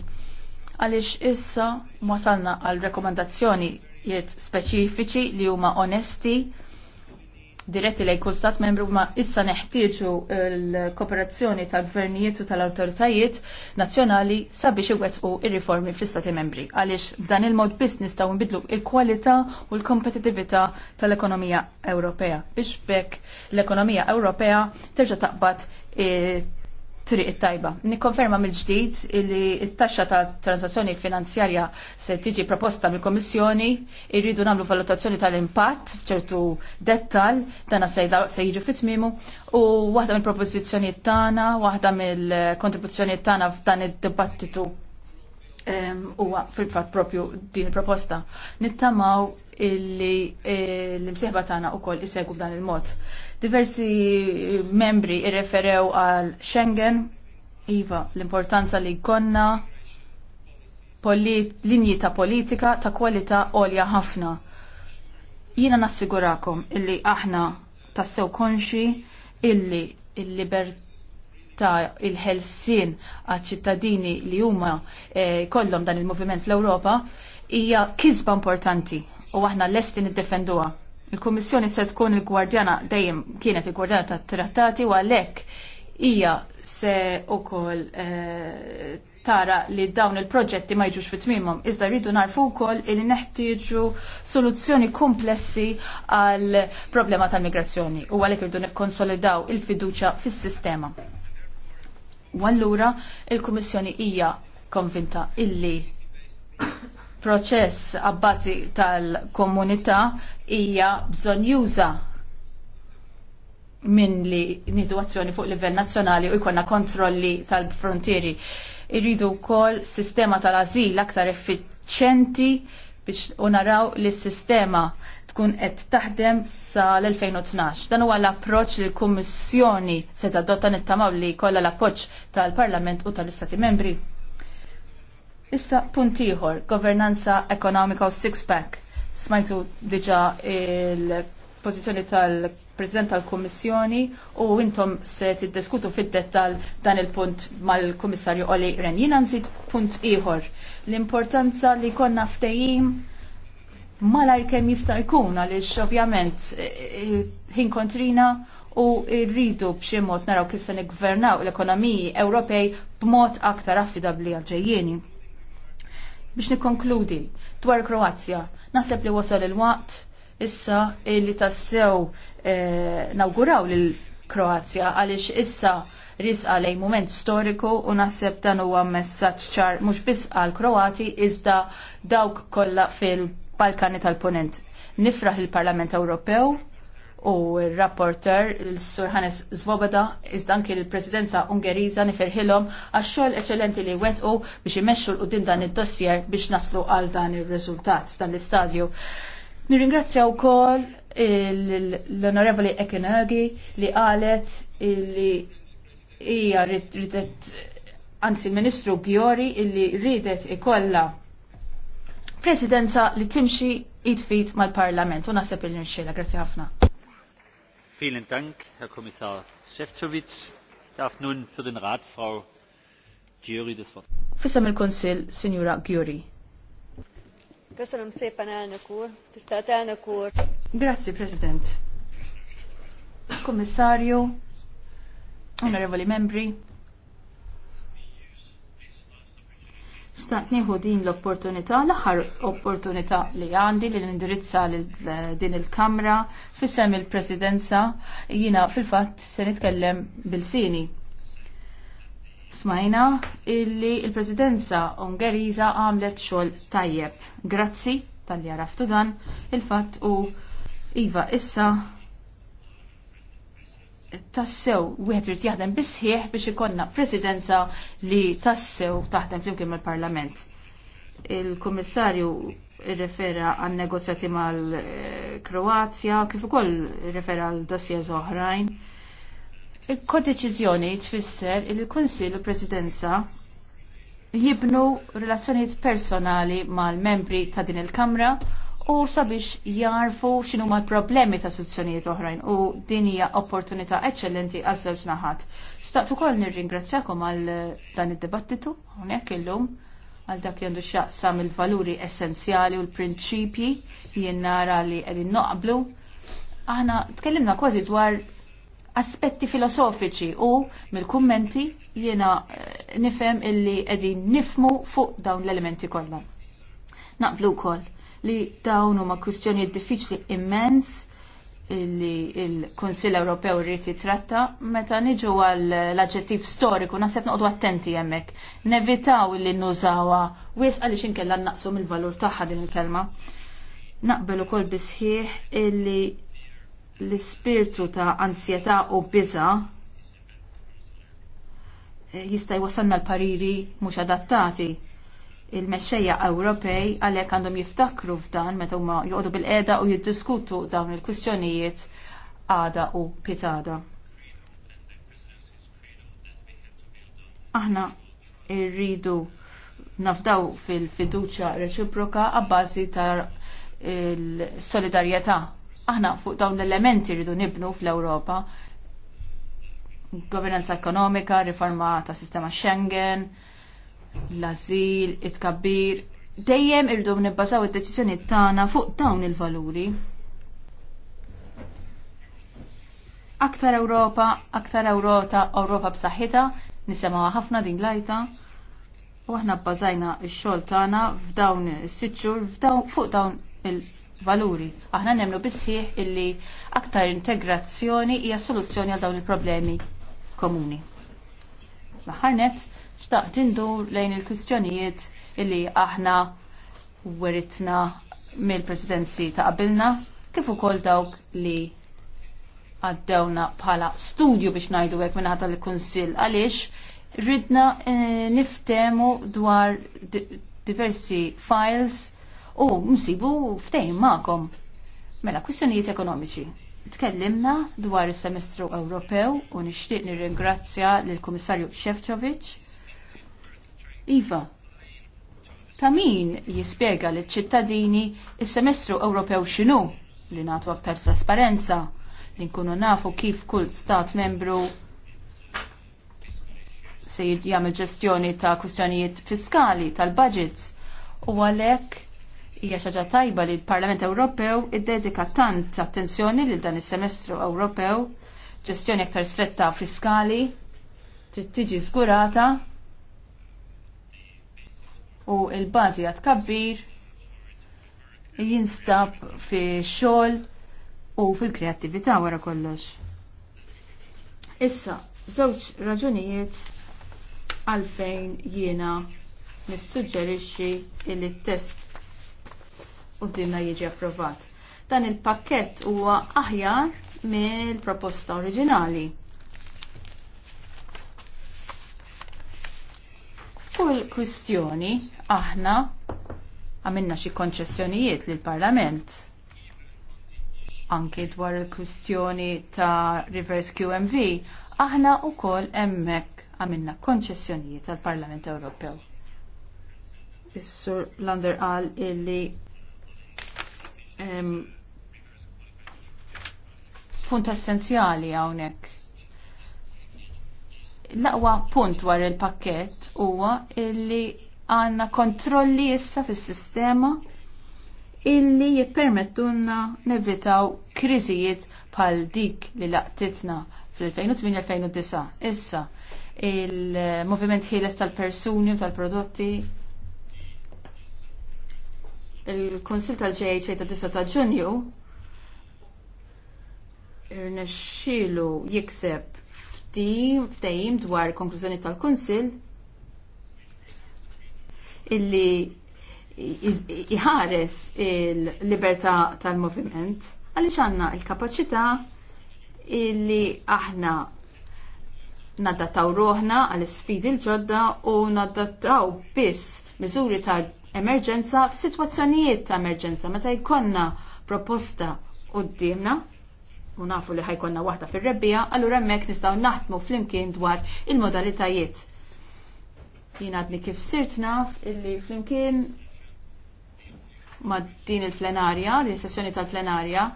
Għalix issa wasalna għal rekomendazzjoni jiet speċifiċi li huma onesti diretti lejn kull stat membru ma issa neħtieġu l-kooperazzjoni tal-gvernijiet u tal-awtoritajiet nazzjonali sabiex iwettqu ir-riformi fl-istati membri għaliex b'dan il-mod biss nistgħu nbidlu l-kwalità u l-kompetitività tal-ekonomija Ewropea biex bekk l-ekonomija Ewropea terġa' taqbad eh, triq it tajba. Nikkonferma mill-ġdid li t-taxxa ta' transazzjoni finanzjarja se tiġi proposta mill-Kommissjoni, irridu nagħmlu valutazzjoni tal-impatt f'ċertu dettal, dana se jiġu fit-tmimu, u waħda mill-propożizzjonijiet tagħna, waħda mill-kontribuzzjonijiet tagħna f'dan id-dibattitu huwa fil-fatt propju din il-proposta. Nittamaw illi eh, l-imsieħba tagħna wkoll isegwu b'dan il-mod. Diversi eh, membri irreferew għal Schengen, iva l-importanza li jkollna linji ta' politika ta' kwalità għolja ħafna. Jiena nassigurakom illi aħna tassew konxi illi il-libertà il-ħelsien għad ċittadini li huma jkollhom eh, dan il-moviment fl-Ewropa hija kisba importanti u aħna lesti niddefenduha. Il-Kummissjoni se tkun il-gwardjana dejjem kienet il-gwardjana tat-trattati u għalhekk hija se wkoll eh, tara li dawn il-proġetti ma jiġux fit-tmimhom, iżda rridu narfu wkoll li neħtieġu soluzzjoni komplessi għal problema tal-migrazzjoni u għalhekk irridu nikkonsolidaw il-fiduċja fis-sistema. U allura il-Kummissjoni hija konvinta illi proċess għabbażi tal-komunità hija juża minn li nidu azzjoni fuq livell nazzjonali u jkollna kontrolli tal-frontieri. Irridu wkoll sistema tal-azil aktar effiċenti biex unaraw li s-sistema tkun qed taħdem sal-2012. Dan huwa l-approċċ li l-Kummissjoni se tadotta nittamaw li kollha l-appoġġ tal-Parlament u tal-Istati Membri. Issa punt ieħor, governanza ekonomika u six-pack. Smajtu diġa il-pozizjoni tal-President tal-Kommissjoni u intom se tiddiskutu fid-dettal dan il-punt mal-Kommissarju Oli Ren. Jina nżid punt ieħor. L-importanza li konna ftejim malar kem jista' jkun għaliex ovvjament eh, ħin u rridu b'xi mod naraw kif se niggvernaw l-ekonomiji Ewropej b'mod aktar affidabbli għal ġejjieni. Biex nikkonkludi dwar Kroazja, Naħseb li wasal il-waqt issa illi tassew e, nawguraw lil Kroazja għaliex issa ris għalej moment storiku u naħseb dan huwa messaġġ ċar mhux biss għal Kroati iżda dawk kollha fil-Balkani tal-Ponent. Nifraħ il-Parlament Ewropew u r-rapporter l-Sur Hannes Zvoboda iżda anki l-Presidenza Ungeriża nifirħilhom għax-xogħol eċellenti li wetqu biex imexxu l-qudiem dan id-dossier biex naslu għal dan ir-riżultat dan l-istadju. Nirringrazzja wkoll l-Onorevoli Ekenagi li qalet li hija ridet anzi l-Ministru Gjori illi ridet ikolla presidenza li timxi id-fit mal-Parlament u nasib il-nirxila. Grazie ħafna. Vielen Dank, Herr Kommissar Šefčovič. Ich darf nun für den Rat Frau Giori das Wort. Fissam il-Konsil, Signora Giori. Köszönöm szépen, elnök úr. Tisztelt elnök úr. Grazie, President. Kommissarju, onorevoli membri, Stant nieħu din l-opportunità, l-aħħar opportunità li għandi li nindirizza din il-Kamra sem il-Presidenza jiena fil-fatt se nitkellem bil-sini. Smajna illi il-Presidenza Ungeriża għamlet xogħol tajjeb. Grazzi tal-li għaraftu dan il-fatt u Iva issa tassew wieħed irid jaħdem bisħieħ biex ikollna presidenza li tassew taħdem flimkien mal-Parlament. Il-Kummissarju irrefera għan negozjati mal-Kroazja, kif ukoll irrefera għal dossiers oħrajn. Il-kodeċiżjoni tfisser il kunsill u Presidenza jibnu relazzjonijiet personali mal-membri ta' din il-Kamra u sabiex jarfu xinu ma problemi ta' sezzjonijiet oħrajn u din hija opportunità eċċellenti għaż żewġ naħat. Staqt ukoll nirringrazzjakom għal dan id-dibattitu hawnhekk illum għal dak li għandu xaqsam il-valuri essenzjali u l-prinċipji jien nara li qegħdin noqblu. Aħna tkellimna kważi dwar aspetti filosofiċi u mill-kummenti jiena eh, nifhem illi qegħdin nifmu fuq dawn l-elementi kollha. Naqblu wkoll li dawn huma kwistjonijiet diffiċli immens li il-Konsil Ewropew rrit jitratta, meta niġu għal l-aġġettiv storiku, naħseb noqgħdu attenti hemmhekk. Nevitaw li nużawha wies għaliex inkella naqsu il-valur tagħha din il-kelma. Naqbel ukoll bisħieħ illi l-ispirtu ta' ansjetà u biża jista' jwassalna l-pariri mhux adattati il-mexxejja Ewropej għalhekk għandhom jiftakru f'dan meta huma joqogħdu bil qiegħda u jiddiskutu dawn il-kwistjonijiet għada u pitada. Aħna rridu nafdaw fil-fiduċja reċiproka għabbażi ta' il-solidarjetà. Aħna fuq dawn l-elementi rridu nibnu fl-Ewropa governanza ekonomika, riforma ta' sistema Schengen, l-azil, it-kabbir, dejjem irdu nibbażaw id-deċiżjoni tagħna fuq dawn il-valuri. Aktar Ewropa, aktar Ewropa, Ewropa b'saħħitha, nisimgħu ħafna din lajta. U aħna bbażajna x-xogħol tagħna f'dawn is-sitt xhur fuq dawn il-valuri. Aħna nemmnu bisħieħ illi aktar integrazzjoni hija soluzzjoni għal dawn il-problemi komuni. l xtaqt indur lejn il-kwistjonijiet illi aħna weritna mill-presidenzi ta' qabilna kif ukoll dawk li għaddewna bħala studju biex ngħidu hekk minn ħadd il-Kunsill għaliex ridna eh, niftemu dwar diversi files u msibu ftejn magħkom. Mela kwistjonijiet ekonomiċi. Tkellimna dwar is-semestru Ewropew u nixtieq nirringrazzja lill-Kummissarju Shevchovic Iva, ta' min jispjega li ċittadini il-semestru Ewropew xinu li natu aktar trasparenza li nkunu nafu kif kull stat membru se jagħmel ġestjoni ta' kwistjonijiet fiskali tal-budget u għalhekk hija xaġa tajba li l-Parlament Ewropew iddedika tant attenzjoni lil dan is-semestru Ewropew ġestjoni aktar stretta fiskali trid tiġi żgurata u l-bażi għat kabbir jinstab fi xogħol u fil-kreattività wara kollox. Issa, żewġ raġunijiet għalfejn jiena nissuġġerixxi li t-test qudiemna jiġi approvat. Dan il-pakkett huwa aħjar mill-proposta oriġinali. Fuq il-kwistjoni aħna għamilna xi konċessjonijiet lill parlament anki dwar il-kwistjoni ta' reverse QMV, aħna wkoll hemmhekk għamilna konċessjonijiet għall parlament Ewropew. Is-Sur Lander qal illi em, punt essenzjali hawnhekk l-aqwa punt war il-pakket huwa illi għanna kontrolli issa fis-sistema illi jippermettunna nevitaw kriżijiet bħal dik li laqtitna fl-2008-2009. Issa, il-moviment ħieles tal-persuni u tal-prodotti il-Konsil tal-ġeħiċ ta' 9 ta' ġunju irnexxilu jikseb Ti ftehim dwar konklużjoni tal-Kunsill illi iħares il-libertà tal-moviment għaliex għandna il-kapaċità illi aħna nadattaw roħna għal sfidi l-ġodda u nadattaw biss miżuri ta' emerġenza f'sitwazzjonijiet ta' emerġenza meta jkollna proposta qudiemna u nafu li ħajkonna waħda fil-rebbija, allura hemmhekk nistgħu naħdmu flimkien dwar il-modalitajiet. Jien għadni kif sirt naf illi flimkien ma' din il-plenarja, din sessjoni tal-plenarja,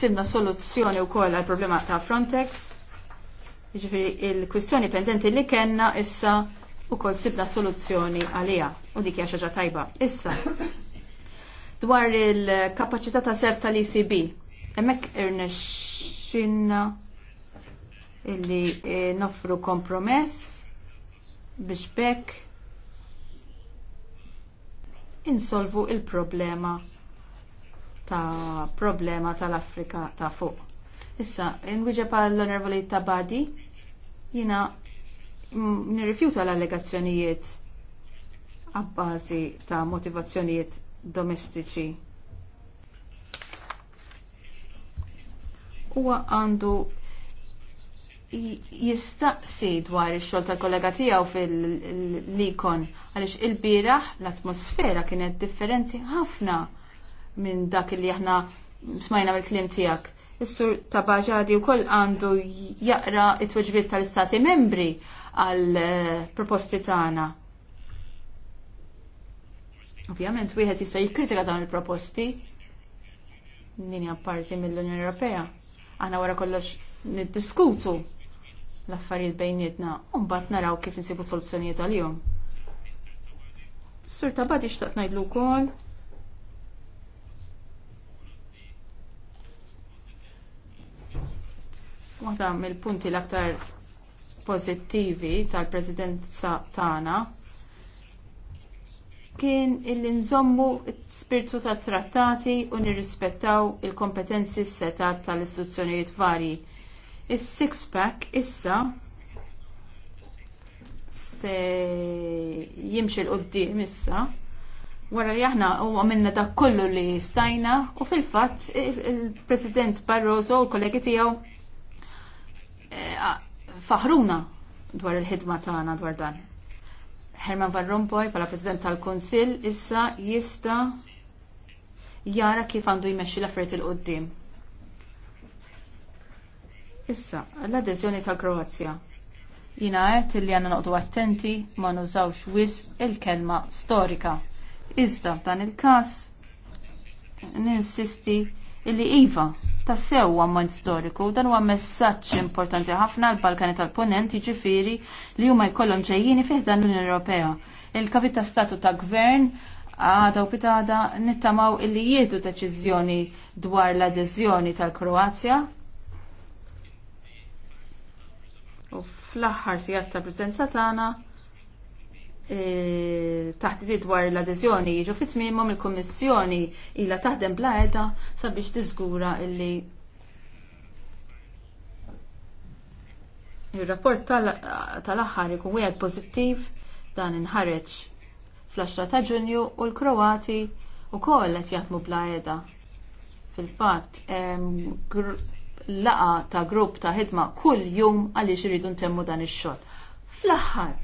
sibna soluzzjoni u koll għal problema ta' Frontex. Ġifiri, il-kwistjoni pendenti li kena issa u koll sibna soluzzjoni għalija u dik xaġa tajba. Issa, dwar il-kapacità ta' ser tal-ECB. Emmek irnexxinna illi eh, noffru kompromess biex bekk insolvu il-problema ta' problema tal-Afrika ta' fuq. Issa, inwiġa pa' l-onervoli ta' badi, jina mm, nirrifjuta l-allegazzjonijiet għabbażi ta' motivazzjonijiet domestiċi. Huwa għandu jistaqsi dwar ix-xogħol tal-kollega tiegħu fil-likon għaliex il l-atmosfera kienet differenti ħafna minn dak li aħna smajna mill-kliem tiegħek. Is-sur ta' Baġadi wkoll għandu jaqra t tweġbiet tal-Istati Membri għal eh, proposti tagħna. Ovvjament, wieħed jista' jikkritika dawn il-proposti din parti mill-Unjoni Ewropea. Aħna wara kollox niddiskutu l-affarijiet bejnietna u mbagħad naraw kif insibu soluzzjonijiet għalihom. Sur tabati xtaqt ngħidlu wkoll Waħda mill-punti l-aktar pożittivi tal-Presidenza tagħna kien illi nżommu spirtu tat trattati u nirrispettaw il-kompetenzi s-setat tal-istituzzjonijiet varji. Is-six-pack issa se jimxi l-qoddim issa. Wara li aħna u għamilna dak kollu li stajna u fil-fatt il-President Barroso u l-kollegi tiegħu eh, faħruna dwar il-ħidma tagħna dwar dan. Herman Van Rompuy pala President tal-Konsil issa jista jara kif għandu jmexxi l-affarijiet il qoddim Issa, l-adeżjoni tal-Kroazja. Jina għedt li għanna noqdu attenti ma nużawx wis il-kelma storika. Iżda dan il-kas ninsisti illi iva tassew sew ammont storiku dan huwa messaġġ importanti ħafna għall balkani tal-Ponent jiġifieri li huma jkollhom ġejjini fih dan l-Unjoni Ewropea. Il-kapit ta' statu ta' gvern għada u pitada nittamaw illi jiedu deċiżjoni dwar l-adeżjoni tal-Kroazja u fl-aħħar sigħat ta' preżenza tagħna E, taħt dwar l adezjoni jiġu fit tmiemhom il-Kummissjoni ilha taħdem bla edha sabiex tiżgura illi Il-rapport tal-aħħar ikun wieħed pożittiv dan inħareġ fl-10 ta' Ġunju u l-Kroati wkoll qed jaħdmu bla qiegħda. Fil-fatt laqa ta' grupp ta' ħidma kull jum għaliex iridu ntemmu dan ix-xogħol. Fl-aħħar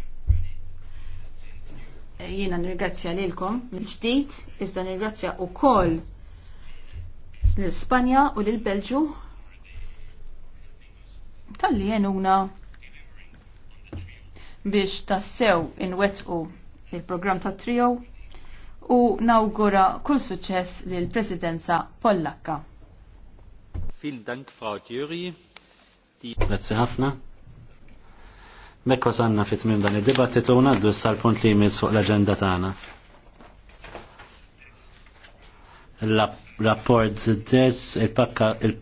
jiena nirgrazzja lilkom mill-ġdid iżda nirgrazzja wkoll l-Ispanja u l-Belġu tal-li jenuna biex tassew inwetqu il-programm ta' trio u nawgura kull suċċess lil presidenza Pollakka. Vielen Dank, Frau Thierry. Grazie ħafna. Mekko sanna fit minn dan id-dibattitu naddu sal-punt li jmiss fuq l-agenda tagħna. Il-rapport il-pakka il